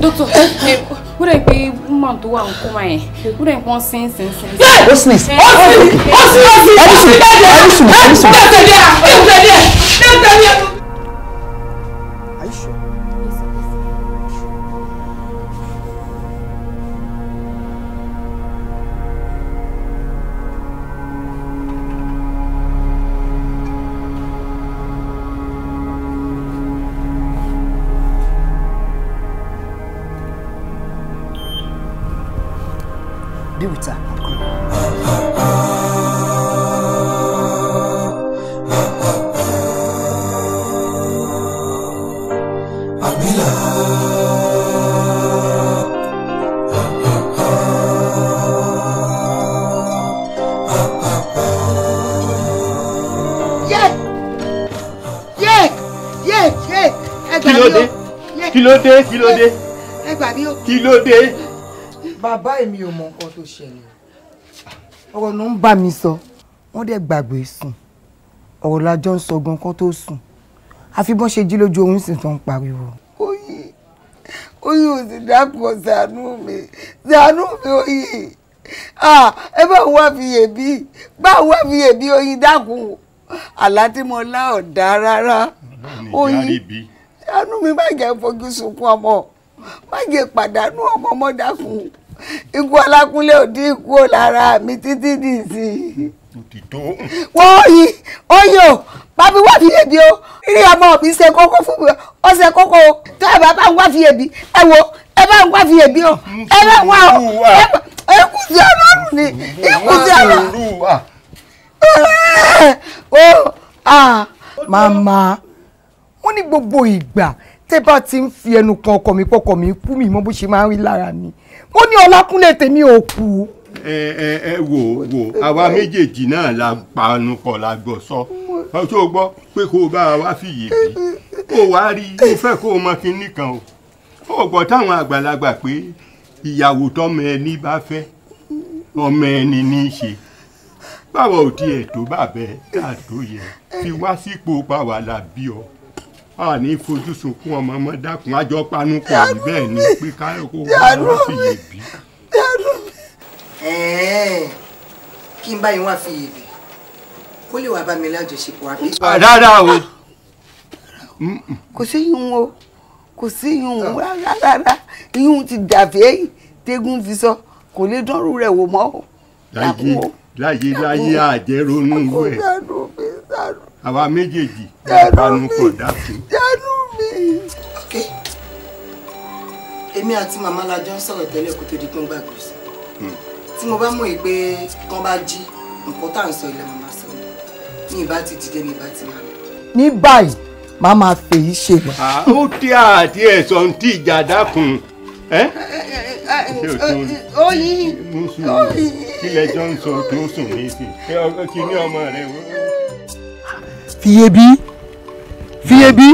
dókítà ó dẹ̀ pé woman tó wà ń kó ma yẹn ó dẹ̀ pọ́n sín sín sín. ó sì ní ó sì ní ó sì ní ẹni sùn ẹni sùn ẹni sùn. ló dé kí ló dé ẹ gbà bí O kí ló dé. bàbá èmi ò mọ nǹkan tó ṣẹlẹ̀ ọ̀rọ̀ ló ń bá mi sọ wọ́n dẹ̀ gbàgbé sùn ọ̀rọ̀ la jọ ń sọ gan kan tó sùn àfi bọ́n ṣe jí lójú oorun sì tán ń pariwo. oyè oyè ò sì dákun ṣàánú mi ṣàánú mi oyè ẹ bá wà fi yèbí bá wà fi yèbí oyin dákun àlá tí mo lá ọ̀dà rárá oyin dànù mi má jẹ́ fojú sunkún ọmọ má jẹ́ pàdánù ọmọ ọmọ dákun ikú Ọlákúnlé ò dín ikú ò lára mi títí dì sí i. wọ́n yí oyè o bàbí wà fi ebi o rí ọmọ mi ṣe kókó fún mi ó ṣe kókó tó ẹ bàbá ń wá fi ebi ẹ wo ẹ bá ń wá fi ebi o ẹ bá ń wá o ikú sí ọlọ́run ni ikú sí ọlọ́run. màmá wọ́n ní gbogbo ìgbà tẹ́ bá ti ń fi ẹnu kan ọkọ mi pọkọ mi kú mi mọ́ bó ṣe máa ń rí lára mi wọ́n ní ọlákúnlẹ̀ tèmi ò kú. ẹ ẹ ẹ wò wò àwa méjèèjì náà la panu pọ̀ la gbọ́ sọ ọtí o gbọ́ pé kó o bá wa fìyè bí kó o wá rí mo fẹ́ kó o mọ kinní kan o ó gbọ́ táwọn àgbàlagbà pé ìyàwó tọ́mọ ẹni bá fẹ́ ọmọ ẹni ní í ṣe báwo ò tiẹ̀ tó bàbẹ́ káàtó yẹ fi wá sípò pàwọ́ la ọ a ní fojú sunkún ọmọ ọmọ dákun àjọ panu pọ̀ ní bẹ́ẹ̀ ni pé káyọ̀ kó wọ́n wọ́n fi yè bí. kí n bá yín wá fi yè bí kó lè wá bá mi lájọṣepọ̀ àbí. rárá o. kò sí yún o kò sí yún o rárá rárá yún ti dàbí tégún fi sọ kò lè dánrù rẹ̀ wò mọ́ o. láyé láyé láyé àjẹrónú wẹ̀ àwa méjèèjì ìbánupọ̀ dákun. dẹnu mi. ok èmi àti màmá la jọ ń sọ̀rọ̀ tẹ́lẹ̀ kó tó di pé ń gbàgbọ́ sí hmm. tí mo bá mọ̀ yìí pé tán bá jí nǹkan tá à ń sọ ilẹ̀ màmá sọ ní ìbá ti dìde ní ìbá ti máa lọ. ní báyìí màá máa fèyí ṣe mọ. ó tí àti ẹ̀sọ́ ń tí ìjà dákun. ó yí ó ń sọ tó sùn ní ìsìn kí ni ọmọ rẹ wọ́n fiyebí fiyebí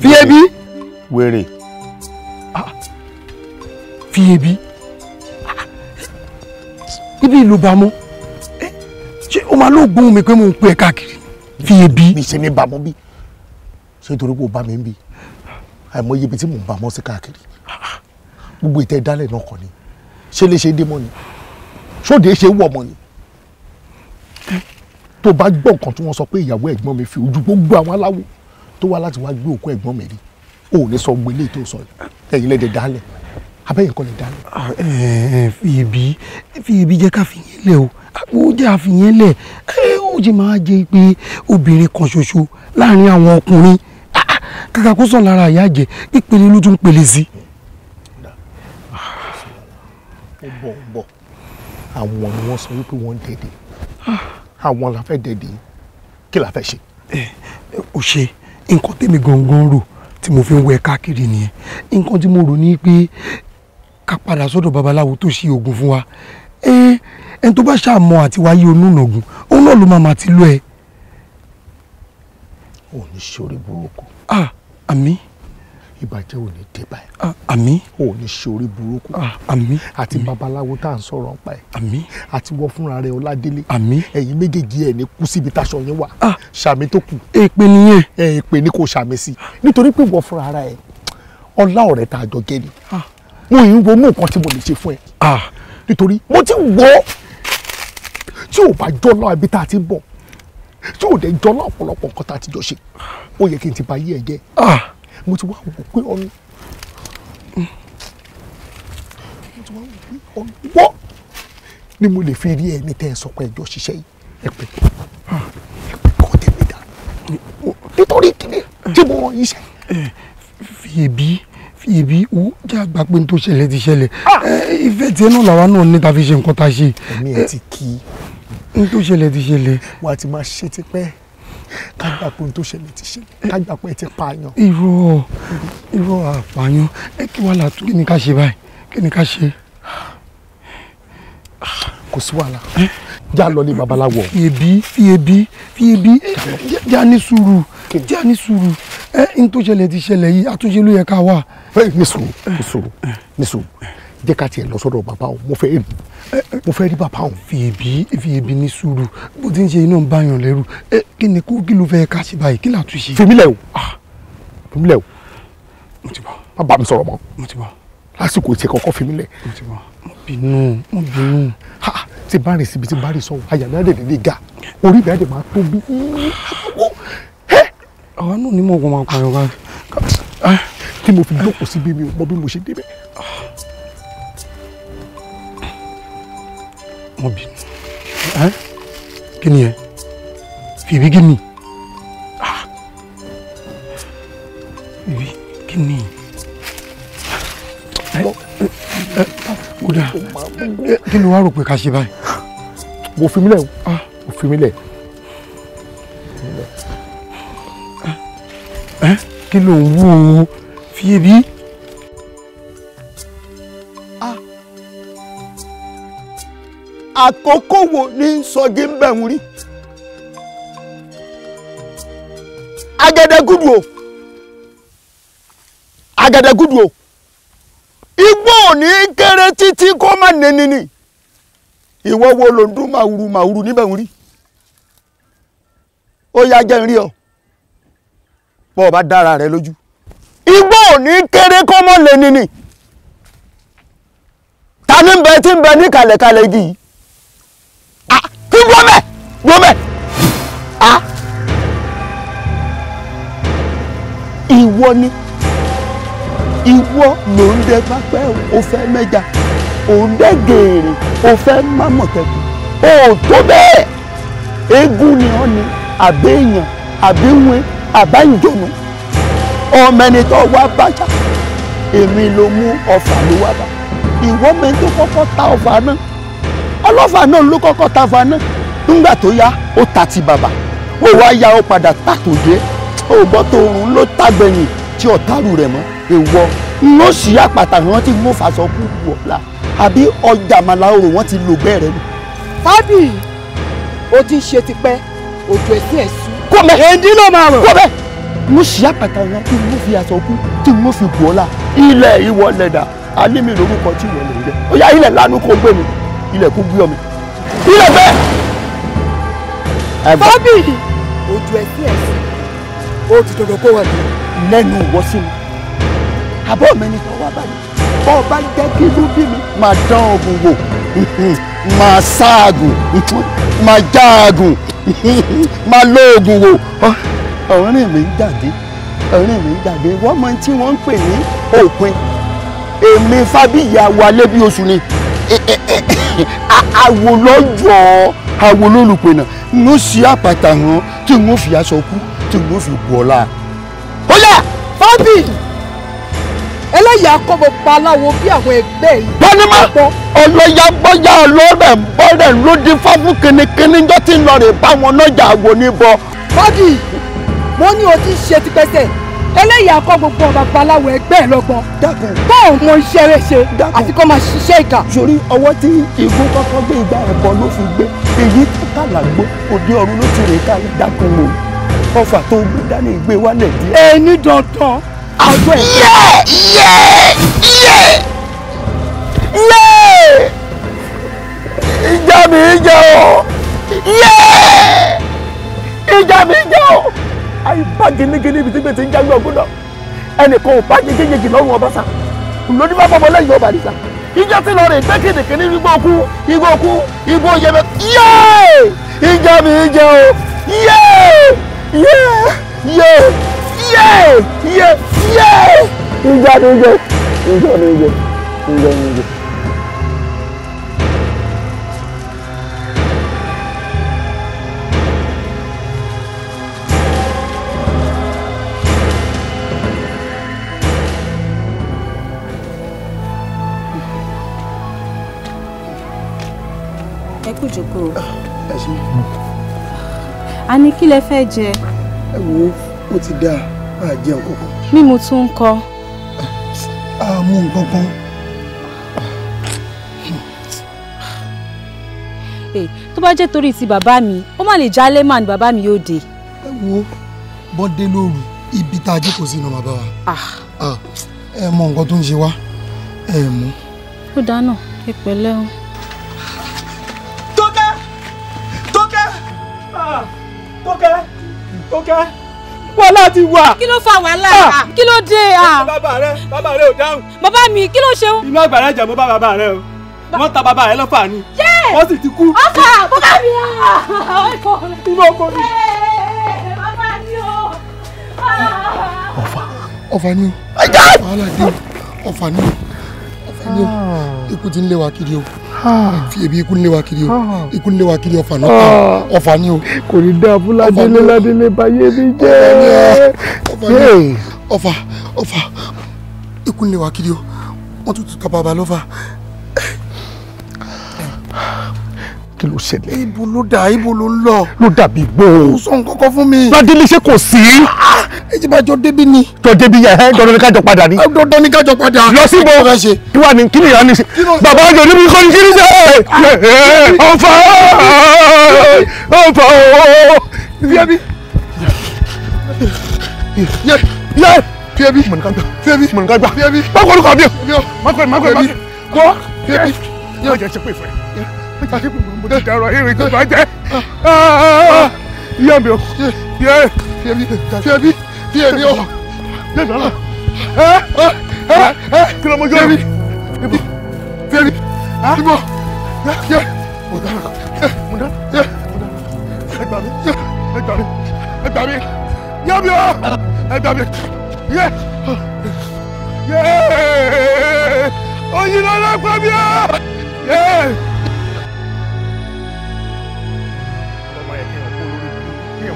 fiyebí. wèrè. Ah. fiyebí ibi ìlú bámú eh, ṣé o máa lóògùn mi pé mo ń pè é káàkiri fiyebí. mi ṣe ní bámú bí ṣé torí kò bá mi ń bí àìmọye ibi tí mò ń bámú sí káàkiri gbogbo ìtẹ́ ìdálẹ̀ náà kọ́ ni ṣé lè ṣe dé mọ́ ni ṣóde ṣe wọ̀ mọ́ ni tó bá gbọ́ nǹkan tí wọ́n sọ pé ìyàwó ẹ̀gbọ́n mi fi ojú gbogbo àwọn aláwo tó wá láti wá gbé òkú ẹ̀gbọ́n mi rí o ò ní sọ gbogbo eléyìí tó sọ yìí ẹ̀yin lẹ́dẹ̀ dálẹ̀ abẹ́yẹn kọ́ lè dálẹ̀. Ah, fi ibi fi ibi jẹ́ ká fi yẹn lẹ̀ o ó jẹ́ àfihàn lẹ̀ ó jẹ́ máa jẹ́ pé obìnrin kan ṣoṣo láàrin àwọn ọkùnrin ah, ah, kàkà kó sọ lára àyà jẹ ìpele ló tún pele sí. ó bọ̀ ó bọ̀ àwọn ni wọ́n sọ wípé wọ́n ń dẹ̀dẹ̀ àwọn la fẹ́ dẹ̀dẹ̀ kí la fẹ́ ṣe. ẹ ò ṣe nǹkan tèmi gangan rò tí mo fi ń wẹ káàkiri nìyẹn nǹkan tí mo rò ní pé ká padà sọ́dọ̀ babaláwo tó ṣe oògùn fún wa ẹ ẹni tó bá ṣàmọ àti wáyé onúnàgún òun náà ló máa máa ti lọ ẹ. ò ní ṣorí burúkú. ah ami Ah, ìbàjẹ́ ò ní dé báyìí. Ah, àmín. ò ní ṣorí burúkú. ami, ah, àti babaláwo tá à ń sọ̀rọ̀ ń pa ẹ̀. àmín. àti wọ́n fúnra rẹ̀ ọládélé. àmín. ẹ̀yin méjèèjì ẹ̀ ní kú síbi táṣọ yín wà. Ah. ṣàmì tó kù. èpè nìyẹn. ẹ èpè ni kò ṣàmì sí nítorí pé wọ́n fúnra ara ẹ̀ ọlá ọ̀rẹ́ tá a jọ gé ni. mo yìí wo mú nǹkan tí mo lè ṣe fún ẹ. nítorí mo ti wọ́ tí ò bá jọ́ lọ́ àbí tá a ti ń bọ̀ tí ò dẹ̀ jọ́ lọ́ ọ̀pọ̀lọpọ̀ nǹkan tá a ti jọ ṣe ó yẹ kí n ti ba yí ẹ jẹ́ mo ti wá wò pé ọ̀nà mo ti wá wò pé ọ̀nà wọ́ ni mo lè fi rí ẹni tẹ́ ẹ sọ pé ẹjọ́ ṣiṣẹ́ yìí ẹ pè é ẹ pè kọ́ tèmi dà nítorí kíni tí mo rán yín ṣe. fi èbí fi èbí wò jẹ́ àgbà pé n tó ṣẹlẹ̀ ti ṣẹlẹ̀ ah! ìfẹ́ tiẹ̀ náà làwa náà ní ta fi ṣe nǹkan ta ṣe. ẹ̀mí ẹ ti kí. n tó ṣẹlẹ̀ ti ṣẹlẹ̀. wà á ti máa ṣe tipẹ́ ká gbà pé ohun tó ṣẹlẹ̀ ti ṣẹlẹ̀ ká gbà pé ẹ ti pààyàn. irọ́ irọ́ àpààyàn ẹ kí wàhálà tó kí ni ká ṣe báyìí kí ni ká ṣe. kò sí wàhálà já lọ ní babaláwo. fi ebi fi ebi fi ebi já ní sùúrù já ní sùúrù ẹ n tó ṣẹlẹ̀ ti ṣẹlẹ̀ yìí àtúnṣe ló yẹ ká wà. ní sùúrù ní sùúrù ní sùúrù jẹ́ ká tiẹ̀ lọ sọ́dọ̀ bàbá o mo fẹ́ èmi mo fẹ́ rí bàbá o. fi ebi fi ebi ní sùúrù bó ti ń ṣe iná ń bá yàn lẹ́rù ẹ kí ni kó kí ló fẹ́ ká ṣe báyìí kí là á tún ṣe. fèmílẹ̀ o ah. fèmílẹ̀ o mo ti bá má bá mi sọ̀rọ̀ mọ́ mo ti bá lásìkò ìṣe kọ́kọ́ fèmílẹ̀ mo ti bá mo bínú mo bínú. ha ti bá rìn síbi ti bá rìn sọ̀rọ̀ àyà náà dẹ̀ dẹ̀ ga orí mi á dẹ̀ máa tóbi. àwọn náà ni mo wọ́n máa pariwo báyìí tí mo fi jókòó síbi mi ò bí mo ṣe débẹ̀. Ah. mo bínú ẹ kí ni ẹ fìbí kí ni fìbí ah! kí ni ó dáa kí ni wàá rò pé ká ṣe báyìí. mo fi mí lẹ̀ ah! mo fi mí lẹ̀. kí ló ń wú o fìbí. àkókò wo ní sọjí ń bẹ̀ ń rí agẹdẹgudu o agẹdẹgudu o igbó òní kéré títí kó má neni ni ìwọ wo ló ń dún màwùrù màwùrù níbẹ̀ ń rí ó yá jẹ́ ń rí ọ bọ́ bá dára rẹ lójú igbó òní kéré kó má neni ni ta ni ń bẹ tí ń bẹ ní kàlẹ̀kàlẹ̀ igi yìí wọ́n bẹ̀ á ìwọ ni ìwọ ló ń dẹ pápẹ́ o fẹ́ mẹ́ja ò ń dẹ gèèrè o fẹ́ má mọ̀tẹ́kùn o tó bẹ́ẹ̀ eégún ni ọ́ ni àbẹ́yàn àbẹ́wẹ́ àbáyìnjọ́nu ọmọ ẹni tó wá bájà èmi ló mú ọfà ló wá bá ìwọ mẹ́ni tó kọ́kọ́ ta ọfà náà ọlọ́fà náà ló kọ́kọ́ ta ọfà náà nígbà tó yá ó ta ti bàbà ó wá yá ó padà tàtòjé ó gbọ́ tó rùn ló tàgbẹ̀yìn tí ọ̀tàrù rẹ̀ mọ́ èèwọ̀ n sì yá pàtà wọn tí mo fà sọ kú wọ̀ọ́lá àbí ọjà màláòrò wọn ti lò bẹ́ẹ̀ rẹ ni. tábì ó ti ń ṣe tipẹ́ òjò ẹ̀sìn ẹ̀sùn. kò mẹ́ èdè ló máa rọ̀. kò mẹ́ mo sì yá pàtà wọn tí mo fi aṣọ kú tí mo fi wọ̀ọ́lá ilẹ̀ ìwọ lẹ̀dà alẹ́ mi lórúkọ tí ìwọ lè rẹ̀ ó yá ilẹ̀ lánàá kó gbé mi ilẹ̀ kó gbé ọ mi ilẹ̀ bẹ́ẹ̀ bábì ojú ẹsẹ̀ ẹsẹ̀ ó ti dọdọ kó wà ní lẹ́nu ìwọsí mi àbọ mi ni tọwọ abáyé bọ ọba jẹ kí inú bí mi máa dán ogun wò máa ṣáàgùn máa jáàgùn máa lóògùn wò ọ̀rìn mi ń dàdé ọ̀rìn mi ń dàdé wọ́n mọ tí wọ́n ń pè ní òpin èmi fábíyà wa lẹ́bí oṣù ni àwòlọ́jọ́ àwo olólùpẹ̀ náà n ó sì àpàtà hàn tí n fi aṣọ kú tí n ó fi bu ọ̀la. ó yá fábíyì eléyìí akọ́bọ̀ paláwo bí àwọn ẹgbẹ́ yìí. bọ́nìmọ̀ ọlọ́yà gbọ́yà ọlọ́rẹ̀ bọ́rẹ̀ ló dín fáfún kìnnìkìnnì jọ́ tí ń lọ rè bá wọn lọ́jà àgbo níbọ. bọ́dì mo ní o ti ṣe tipẹ́sẹ̀ eléyìí akọ́ gbogbo ọba paláwo ẹgbẹ́ ẹ̀ lọ́gbọ́n. dákun bá òun mọ iṣẹ́ rẹ̀ ṣe àti kó máa ṣiṣẹ́ ìkà. sori ọwọ́ tí igun kọ́kọ́ gbé ìgbà ẹ̀bọ ló fi gbé èyí tó kàlà gbó òde ọ̀run ló ti rè ká dákun mọ́ ọfà tó gbé dání gbé wálẹ̀ díẹ̀. ẹni dandan àjọ ẹ̀. yẹ yẹ yẹ yẹ ìjà mi jẹ ọ yẹ ìjà mi jẹ ọ àyíká gẹ́gẹ́ ibi tí gbèsè ń jágbé ọ̀gbọ́n náà ẹnì ò bá jẹ́gẹ́ yegi lọ́rùn ọba lónìí bá bọ́ ọmọ lẹ́yìn ọba nìkan ìjọ tí lọ rè gbé kìnìkì ní igbó okú igbó okú igbó yẹmẹ yéé ìjọ mi ìjọ o yéé yéé yéé yéé yéé yéé ìjọ mi ìjọ ìjọ mi ìjọ ìjọ mi ìjọ. jókòó. ẹ ṣe. a ní kí lẹ fẹ́ jẹ. ẹ wo ó ti dáa a jẹun kankan. mímu tún ń kọ. a mú nǹkan kan. Eh, tó bá jẹ́ torí ti bàbá mi ó má lè já lẹ́mà ni bàbá mi yóò dé. ẹ wo bọ́dé lóru ibi tá a jókòó sí iná bàbá wa ah. Ah, ẹ mọ nǹkan tó ń ṣe wá ẹ mú. ó dáná ẹ o. tókẹ́ tókẹ́ wàhálà ti wà. kí ló fa wàhálà yà ah. kí ló dé à. Ah. bàbá rẹ bàbá rẹ ò dáhùn. bàbá mi kí ló ṣe. inú àgbàrá ìjà mo bá bàbá rẹ o wọ́n ta bàbá rẹ lọ́fà ni wọ́n sì ti kú. ọkà bàbá mi à. Ah! inú ọkọ mi. bàbá mi o. Oh! ọ̀fà ọ̀fà ni o wàhálà dé ọ̀fà ni o ọ̀fà ni o ikú ti ń lé wa kiri o. Ah. fi ebi ikunle lé wa kiri o ah. ikú lé wa kiri ọfà náà ah. ọfà ni o. kò ní dáa fún ládélé ládélé báyé mi jẹ́. ọfà ọfà ikú lé wa kiri o wọ́n tún tún kábàbà lọ́fà. kí ló ṣẹlẹ̀. ibo ló dà ibo ló ń lọ. ló dàbí gbó. o sọ nǹkan kan fún mi. ládélé ṣe kò sí ẹ ti máa jọ débi ni. jọ débi yẹ ẹ dandan ni ká jọ padà ni. dandan ni ká jọ padà. lọ sí bọ kí wà ní kí ni ìyá ni ṣe. bàbá àjọ níbi kọ́ni kí ni ṣe. ọ̀fà ọ̀fà ọ̀fà. fíẹ́bí fíẹ́bí fíẹ́bí mọ̀nìkàgbà fíẹ́bí mákòrò kàbí o mákòrò mákòrò mákòrò kọ́ fíẹ́bí yóò jẹ́ ṣe pé ìfẹ́ mo ti dẹ̀rọ irin tó bá jẹ́ yé mi o yé yé mi yé mi yé mi o yé mi o ẹ ẹ ẹ ẹ kí ló mọ jọ mi ibo yé mi ibo ah. yé mo dára yé eh, mo dára yé eh, mo dára ẹ gbà mí yé eh, ẹ gbà mí ẹ gbà mí yé mi o ẹ gbà mí yé yé oyin lọ lọ pa mi o yé.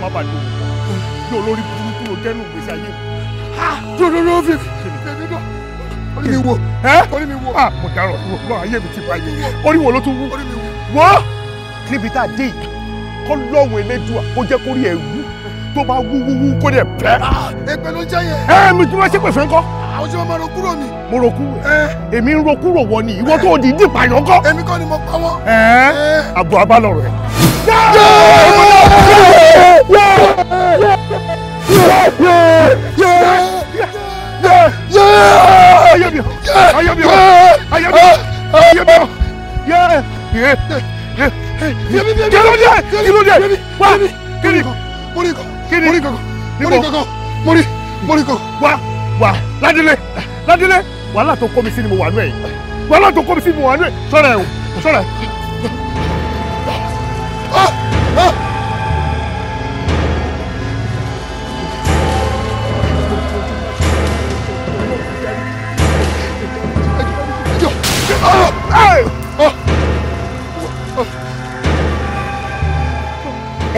kéèyàn má bàjẹ́ òun bí olórí burúkú ló jẹ́ nù gbèsè ayé mi. dòdòdò fi fèmí mi wo orí mi wo. mo dárò wọ ayé mi ti bàjẹ́ orí wo ló tún wú wọ́ níbi tá a dé yìí kọ́ lọ́wọ́ elédùà kó jẹ́ kórìí ẹ̀ wú tó bá wúwúwú kó dẹ̀ pẹ́. èpè ló jẹ́ yẹn. ẹ mi tí wọ́n ṣe pè fẹ́ kọ́. àwọn tí wọ́n máa ro kúrò ni. mo ro kúrò. èmi ń ro kúrò wọ ni ìwọ tó di dípa yàn kọ́. èmi kọ́ ni mo pa Yeah! Yeah! Yeah! Yeah! Yeah! Yeah! Yeah! Yeah! Yeah! Yeah! Yeah! Yeah! Yeah! Yeah! Yeah! Yeah! Yeah! Yeah kíni mo rí kankan mo rí kankan mo rí mo rí kankan. wá wá ládìlé ládìlé wàhálà tó kọ́ mi sí ni mo wà nú ẹ̀ wàhálà tó kọ́ mi sí ni mo wà nú ẹ̀ sọ́ra ẹ̀ o sọ́ra ẹ̀.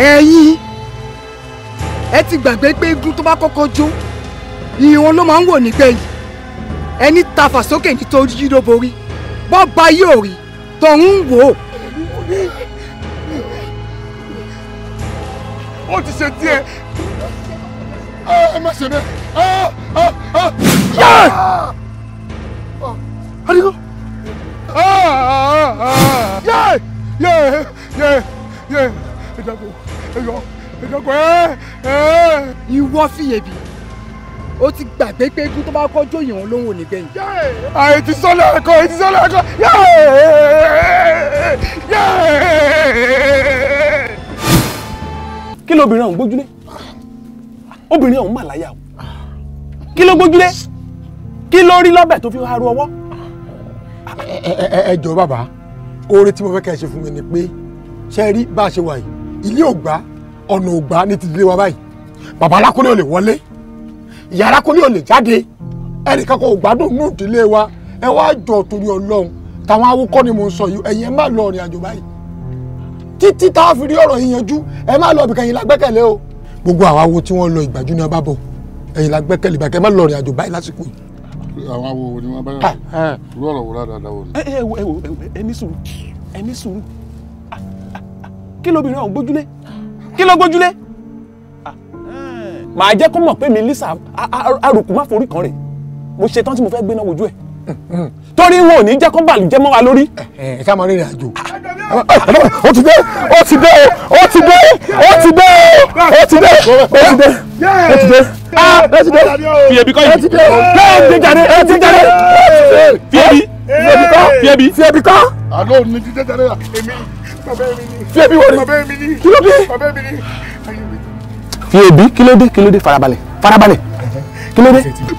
ẹ̀yin ẹ ti gbàgbé pé igun tó bá kọ́kọ́ jó ìhun ló máa ń wò nígbẹ̀yìn ẹni tafà sókè nítorí yí ló borí bọ́ọ̀bá yóò rí tọ̀hún ń wò ó. ó ti ṣe tiẹ̀ ẹ má ṣe bẹ́ẹ̀. adigun. yé yé yé ìdàgbò ẹ̀yọ́ ìwọ fìyèbí ó ti gbàgbé pé ikú tó bá kọjú òyìnbó ló ń wò nígbẹ̀yìn. àyè ti sọ́lá ẹ̀kọ́ èyí ti sọ́lá ẹ̀kọ́ kí ló obìnrin ọ̀hún gbójúlé obìnrin ọ̀hún mà láyà o kí ló gbójúlé kí ló rí lọ́bẹ̀ tó fi haru ọwọ́. ẹ jọ̀ọ́ bàbá oore tí mo fẹ́ kẹ́ ẹ ṣe fún mi ni pé ṣe rí bá a ṣe wà yìí ilé ò gbà á ọ̀nà ògbà ní ti dé wa báyìí bàbá alákúnlé ò lè wọlé ìyá alákúnlé ò lè jáde ẹnìkan kan ò gbádùn ní ìdílé wa ẹ wá jọ torí ọlọ́run táwọn awúkọ́ ni mò ń sọ yìí ẹ̀yin ẹ má lọ ọ̀rìn àjò báyìí títí táwọn fi rí ọ̀rọ̀ yìí yanjú ẹ má lọ ibìkan yìí lágbẹ́kẹ̀lé o gbogbo àwọn awo tí wọ́n lọ ìgbàjú ni wọ́n bá bọ̀ ẹ̀yin lágbẹ́kẹ̀lé ìbàkẹ́ má lọ ọ̀rìn àjò báyìí lásìkò yìí àwọn awo ni wọn bá yàrá ah, ah. irú ọ̀rọ̀ wo ládàá dáwọ́ ni. ẹ wo ẹ wo ẹ ní sùúrù ẹ ní sùúrù ah, kí lóbìnrin ọ̀hún gbójúlé kí ló gbójúlé ah, eh. màá jẹ́ kó mọ̀ pé mi lisa arùkù má forí kan rè mo ṣe tán tí mo fẹ́ gbéná wojú ẹ̀ hmm, hmm. torí wọn ò ní jẹ́ kó bàlùjẹ́ mọ́ wa lórí. ẹ eh, eh, ká mọ rírìn àjò ó ti dé ó ti dé ó ti dé ó ti dé ó ti dé ó ti dé ó ti dé ẹtidé ah, fiyèbí kọ́ yìí ẹtidé ẹtidé jáde ẹtidé jáde fiyèbí fiyèbí kọ́ fiyèbí kọ́. àlọ́ òní ti dé jáde la fi ebi wọlé kí ló dé fi ebi kí farabalẹ̀ farabalẹ̀ kí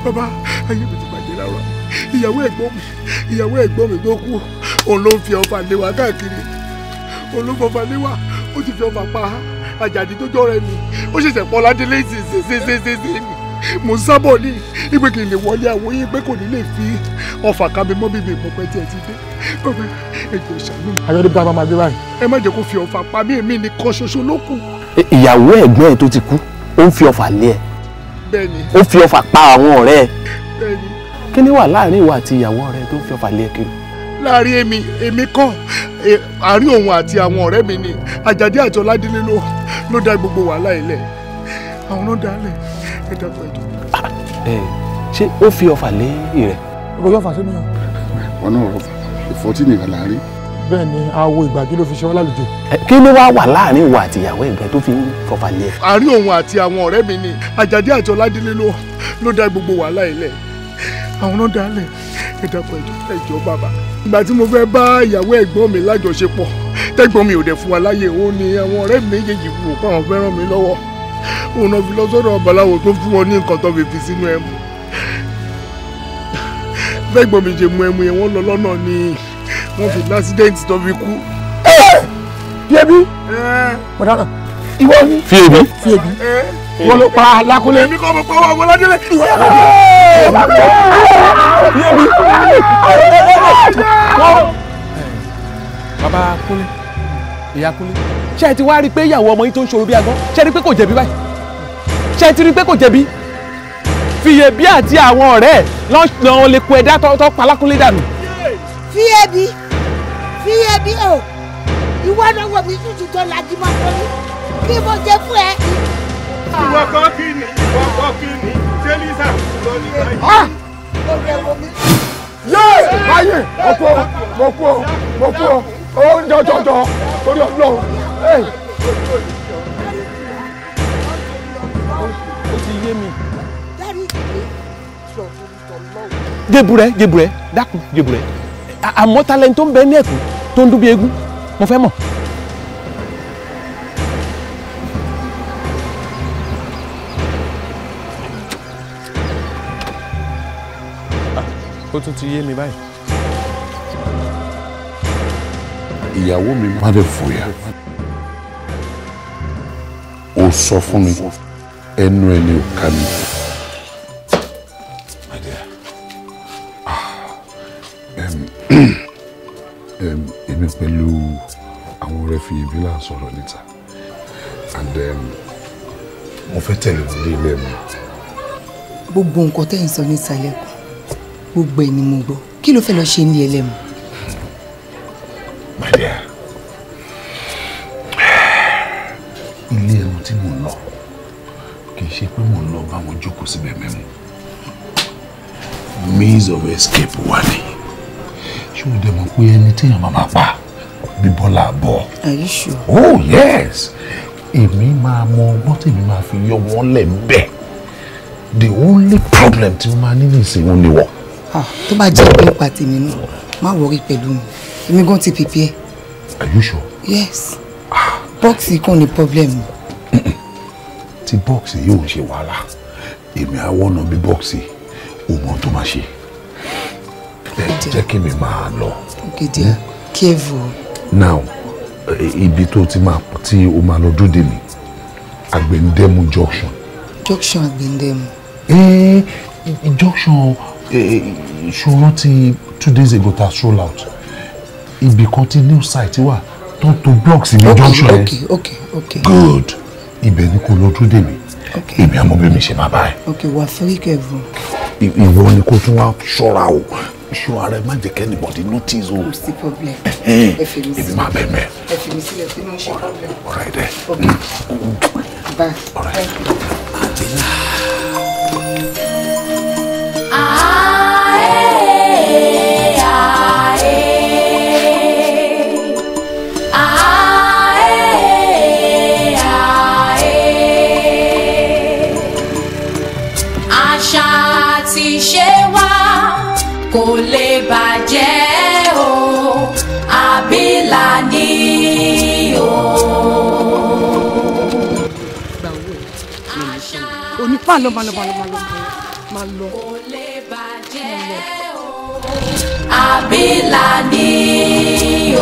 bàbá ayé mi ti bàjẹ́ lára ìyàwó ẹ̀gbọ́n mi ìyàwó ẹ̀gbọ́n mi tó kú òun ló ń fi ọfà léwa káàkiri òun ló fọfà léwa ó ti fi ọfà pa àjàdí tó jọrọ mi ó ṣẹ̀ṣẹ̀ pọ̀ ládélé ṣèṣèṣèṣèṣè mi mo ń sábọ̀ ní ìpè kì í lè wọlé àwọn yín pé kò ní lè fi ọfà kábímọ́ bíbí ìmọ̀pẹ́ tí ẹ ti dé bàbá ẹ̀jẹ̀ ṣàánú. ayọ̀dé bá bá máa gbé báyìí. ẹ má jẹ́ kó fi ọ̀fà pa mí èmi nìkan ṣoṣo ló kù. ìyàwó ẹ̀gbọ́n ẹ̀ tó ti kú ó ń fi ọ̀fà lé ẹ. bẹ́ẹ̀ni. ó fi ọ̀fà pa àwọn ọ̀rẹ́ ẹ. bẹ́ẹ̀ni. kí ni wà láàrin ìwà àti ìyàwó rẹ tó ń fi ọ̀fà lé ẹ kiri láàrin èmi èmi kọ́ àárín òun àti àwọn ọ̀rẹ́ mi ni àjàdí àti ọládélé ló dá gbogbo wàhálà ilẹ̀ àwọn ló dálẹ̀ ẹ dàpọ̀ ẹ̀jọ̀. Ah, ṣé ó fi ọfà ìfọ́tí nìkan là ń rí. bẹ́ẹ̀ ni awo ìgbàgbé ló fi ṣe wọ́n lálejò. kí ló wá wà láàrin ìwà àti ìyàwó ẹ̀gbẹ́ tó fi ń fọfà lé ẹ. àárín òun àti àwọn ọ̀rẹ́ mi ni àjàdí àti ọ̀làdílé ló dá gbogbo wàhálà ilẹ̀ àwọn náà dálẹ̀ ẹ dàpọ̀ ẹ jọ̀ọ́ bàbá. ìgbà tí mo fẹ́ bá ìyàwó ẹ̀gbọ́n mi lájọṣepọ̀ tẹ́gbọ́n mi ò dẹ̀ fún wa láyè ó ní àwọn ọ̀rẹ́ mi méjèèjì wò pé àwọn fẹ́ràn mi lọ́wọ́ òun náà fi lọ sọ́dọ̀ babaláwo tó fún wọn ní nǹkan tó fi fi sínú ẹmu bẹ́gbọ̀n mi ṣe mu ẹmu yẹn wọ́n lọ lọ́nà ni wọ́n fi accident tó fi kú. fiebi mọ̀dánà ìwọ ni fiebi fiebi wọ́n ló pa alákúnlé. èmi kọ́ mo pa owó àwọn ọlọ́dẹ́lẹ̀. fiebi bàbá kúnlé ìyá kúnlé ṣé ẹ ti wá rí i pé ìyàwó ọmọ yín tó ń ṣòro bí agbọ́n ṣé ẹ rí i pé kò jẹ̀bi báyìí ṣé ẹ ti rí i pé kò jẹ̀bi. Fìyèbí àti àwọn ọ̀rẹ́ ẹ̀ lọ́n lè kó ẹ̀dá tó pa Lákúnlé dànù. Fìyèbí Fìyèbí o ìwọ náà wọ mi tútù tó lajì máa fọ mi kí mo jẹ fún ẹ. ìwọ kan kí ni ìwọ kan kí ni tẹlifà lọ ní báyìí. mo jẹ mo mi. yéé ayé mo kú ọ mo kú ọ mo kú ọ ó ń jọjọjọ torí Ọlọ́run. jébùrẹ́ jébùrẹ́ dákun jébùrẹ́ àmọ́ talent tó ń bẹ ní ẹ̀kú tó ń dún bí eégún mo fẹ́ mọ̀. Ah, ó tún ti yé mi báyìí. ìyàwó mi má lè fòyà ó sọ fún mi ẹnu ẹni ò ká mi. ìlú náà sọ̀rọ̀ níta and then mo fẹ́ tẹ̀lé wọn dé ilé mi. gbogbo nǹkan tẹ́ ń sọ ní ìsàlẹ̀ kan gbogbo ẹ̀ ni mo gbọ́ kí ló fẹ́ lọ ṣe ní ẹlẹ́mu. my dear ilé ẹmu tí mò ń lọ kì í ṣe pé mò ń lọ bá wọn jókòó síbẹ̀ means of escape wà ní ṣé o dẹ̀ mọ̀ pé ẹni téèyàn máa máa pa ní Bọ́lá àbọ̀. Are you sure? Oh yes èmi máa mọ ọgbọ́n tèmi máa fi yọ wọ́n lẹ̀ bẹ́ẹ̀ the only problem tí mo máa ní nìsín òun ni wọ́n. Ah, tó bá jẹ́ pé ipa tèmi nù má wọrí pẹ̀lú mi èmi gan ti pèpè ẹ. Are you sure? Yes ah. bọ́ọ̀sì kan ní problem. tí bọ́ọ̀sì yóò ṣe wàhálà èmi àwọn ọ̀nà bí bọ́ọ̀sì òun tó máa ṣe jẹ́ kí mi máa lọ. ògidì kí ẹ vò ó now ibi tó ti máa tí o máa lọ dúdè ní àgbẹ̀ndẹ́mu junction. junction àgbẹ̀ndẹ́mu. ẹ junction ṣòro ti two days ago ta stroll out ibì kan ti new site wà tó ń to blocks ibi junction yẹn okay okay okay good ibẹ̀ ni kò lọ dúdè ní èmi àmọ́ bí mi ṣe máa bá ẹ. ok wà fúrí kẹ́ẹ̀bù. ìwọ ni kó tún wá ṣọ́ra o ṣọ́ ara ẹ má jẹ́ kẹ́ anybody notice o. kò sí problem ẹ fi mi sílẹ̀ ibi máa bẹ̀ mẹ́. ẹ fi ṣe problem. ọ̀rẹ́ dẹ. bá a. ní o. gba owó ẹ pa lọ ma lọ ma lọ ma lọ ma lọ. àbí là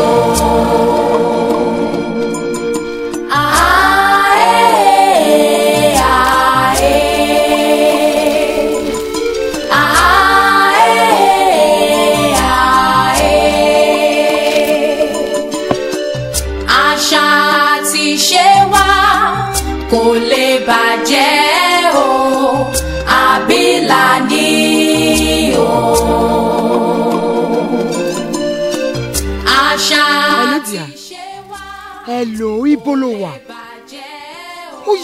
o.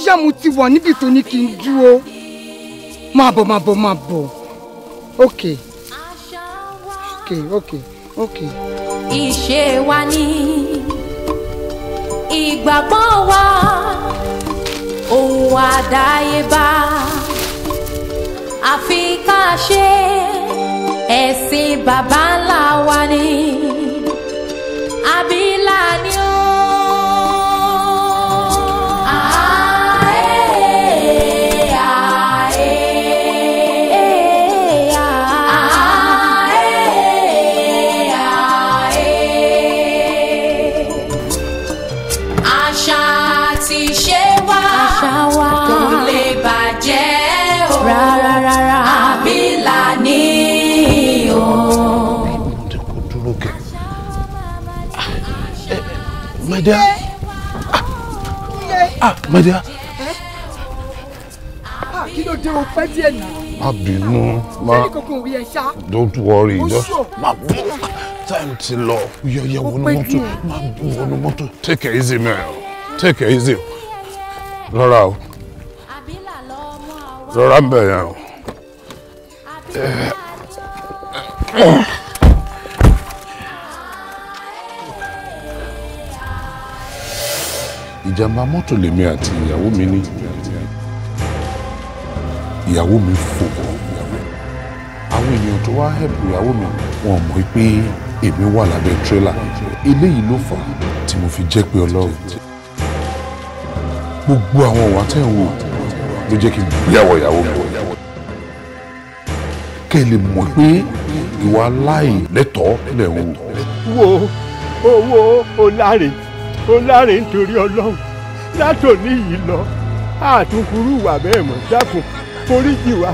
ṣá mo ti wà níbi tó ní kí n dúró máa bọ̀ máa bọ̀ máa bọ̀ ok ok ok ok. ìṣe wa ni ìgbàgbọ́ wa ohun àdáyébá àfi ká ṣe ẹ̀sìn baba ńlá wa ni àbílà ni ó. ah my dear. Eh? Ah, kí ló dé o pẹ́ díẹ̀ nù. má bínú má sẹ́ni kankan òwe don't worry just má bínú time ti lọ yẹyẹ wọnú mọ́tò má bínú wọnú mọ́tò take it easy man take it easy lọ́ra o lọ́ra ń bẹ̀ yẹn o. ìjàmbá mọ́tò lèmi àti ìyàwó mi ní ìyàwó mi fòkò àwọn ènìyàn tó wá hẹ́pù ìyàwó mi wọn mọ̀ pé èmi wà lábẹ́ tírélà eléyìí ló fà á tí mo fi jẹ́ pé ọlọ́run gbogbo àwọn òwà tẹ̀ wò ló jẹ́ kí n gbéyàwó ìyàwó mi kẹ́ ẹ lè mọ̀ pé ìwà láì lẹ́tọ̀ọ́ lẹ̀ ń wò. wo owó olárin ó láre nítorí ọlọ́run látòní yìí lọ àtúnkúrú wà bẹ́ẹ̀ mọ̀ dákun foríjì wá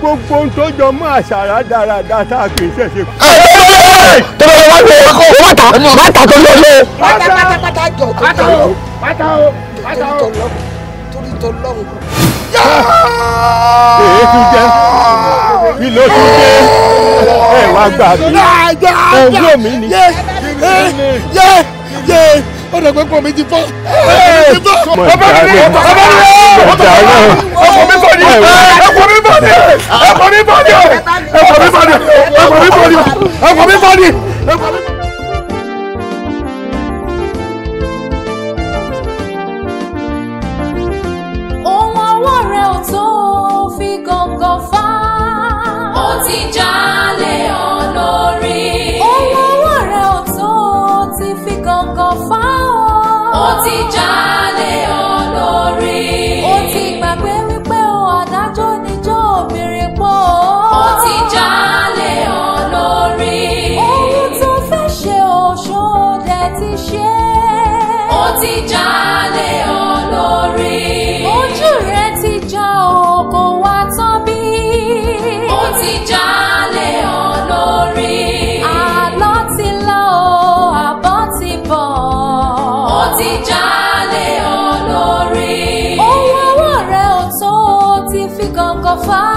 gbogbo ohun tó jọ mọ́ àṣàrà dáradá tá a kì í ṣẹ̀ṣẹ̀. tó bá wá lọ kó wá ta wá ta tó lọ lọ. pátá pátá pátá jọ tó lọ o pátá o pátá o torí tó lọ́hùn. èyí tún jẹ́ kí ló tún dé ẹ̀ wá gbà mí ẹ̀ wọ́n mi ni ó dẹ̀ pé pọ̀ mi ti fọ́. ọba mi ni ọba mi ni ọkọ̀ mi fọ́ ni ọkọ̀ mi fọ́ ni ọkọ̀ mi fọ́ ni ọkọ̀ mi fọ́ ni ọkọ̀ mi fọ́ ni ọkọ̀ mi fọ́ ni. far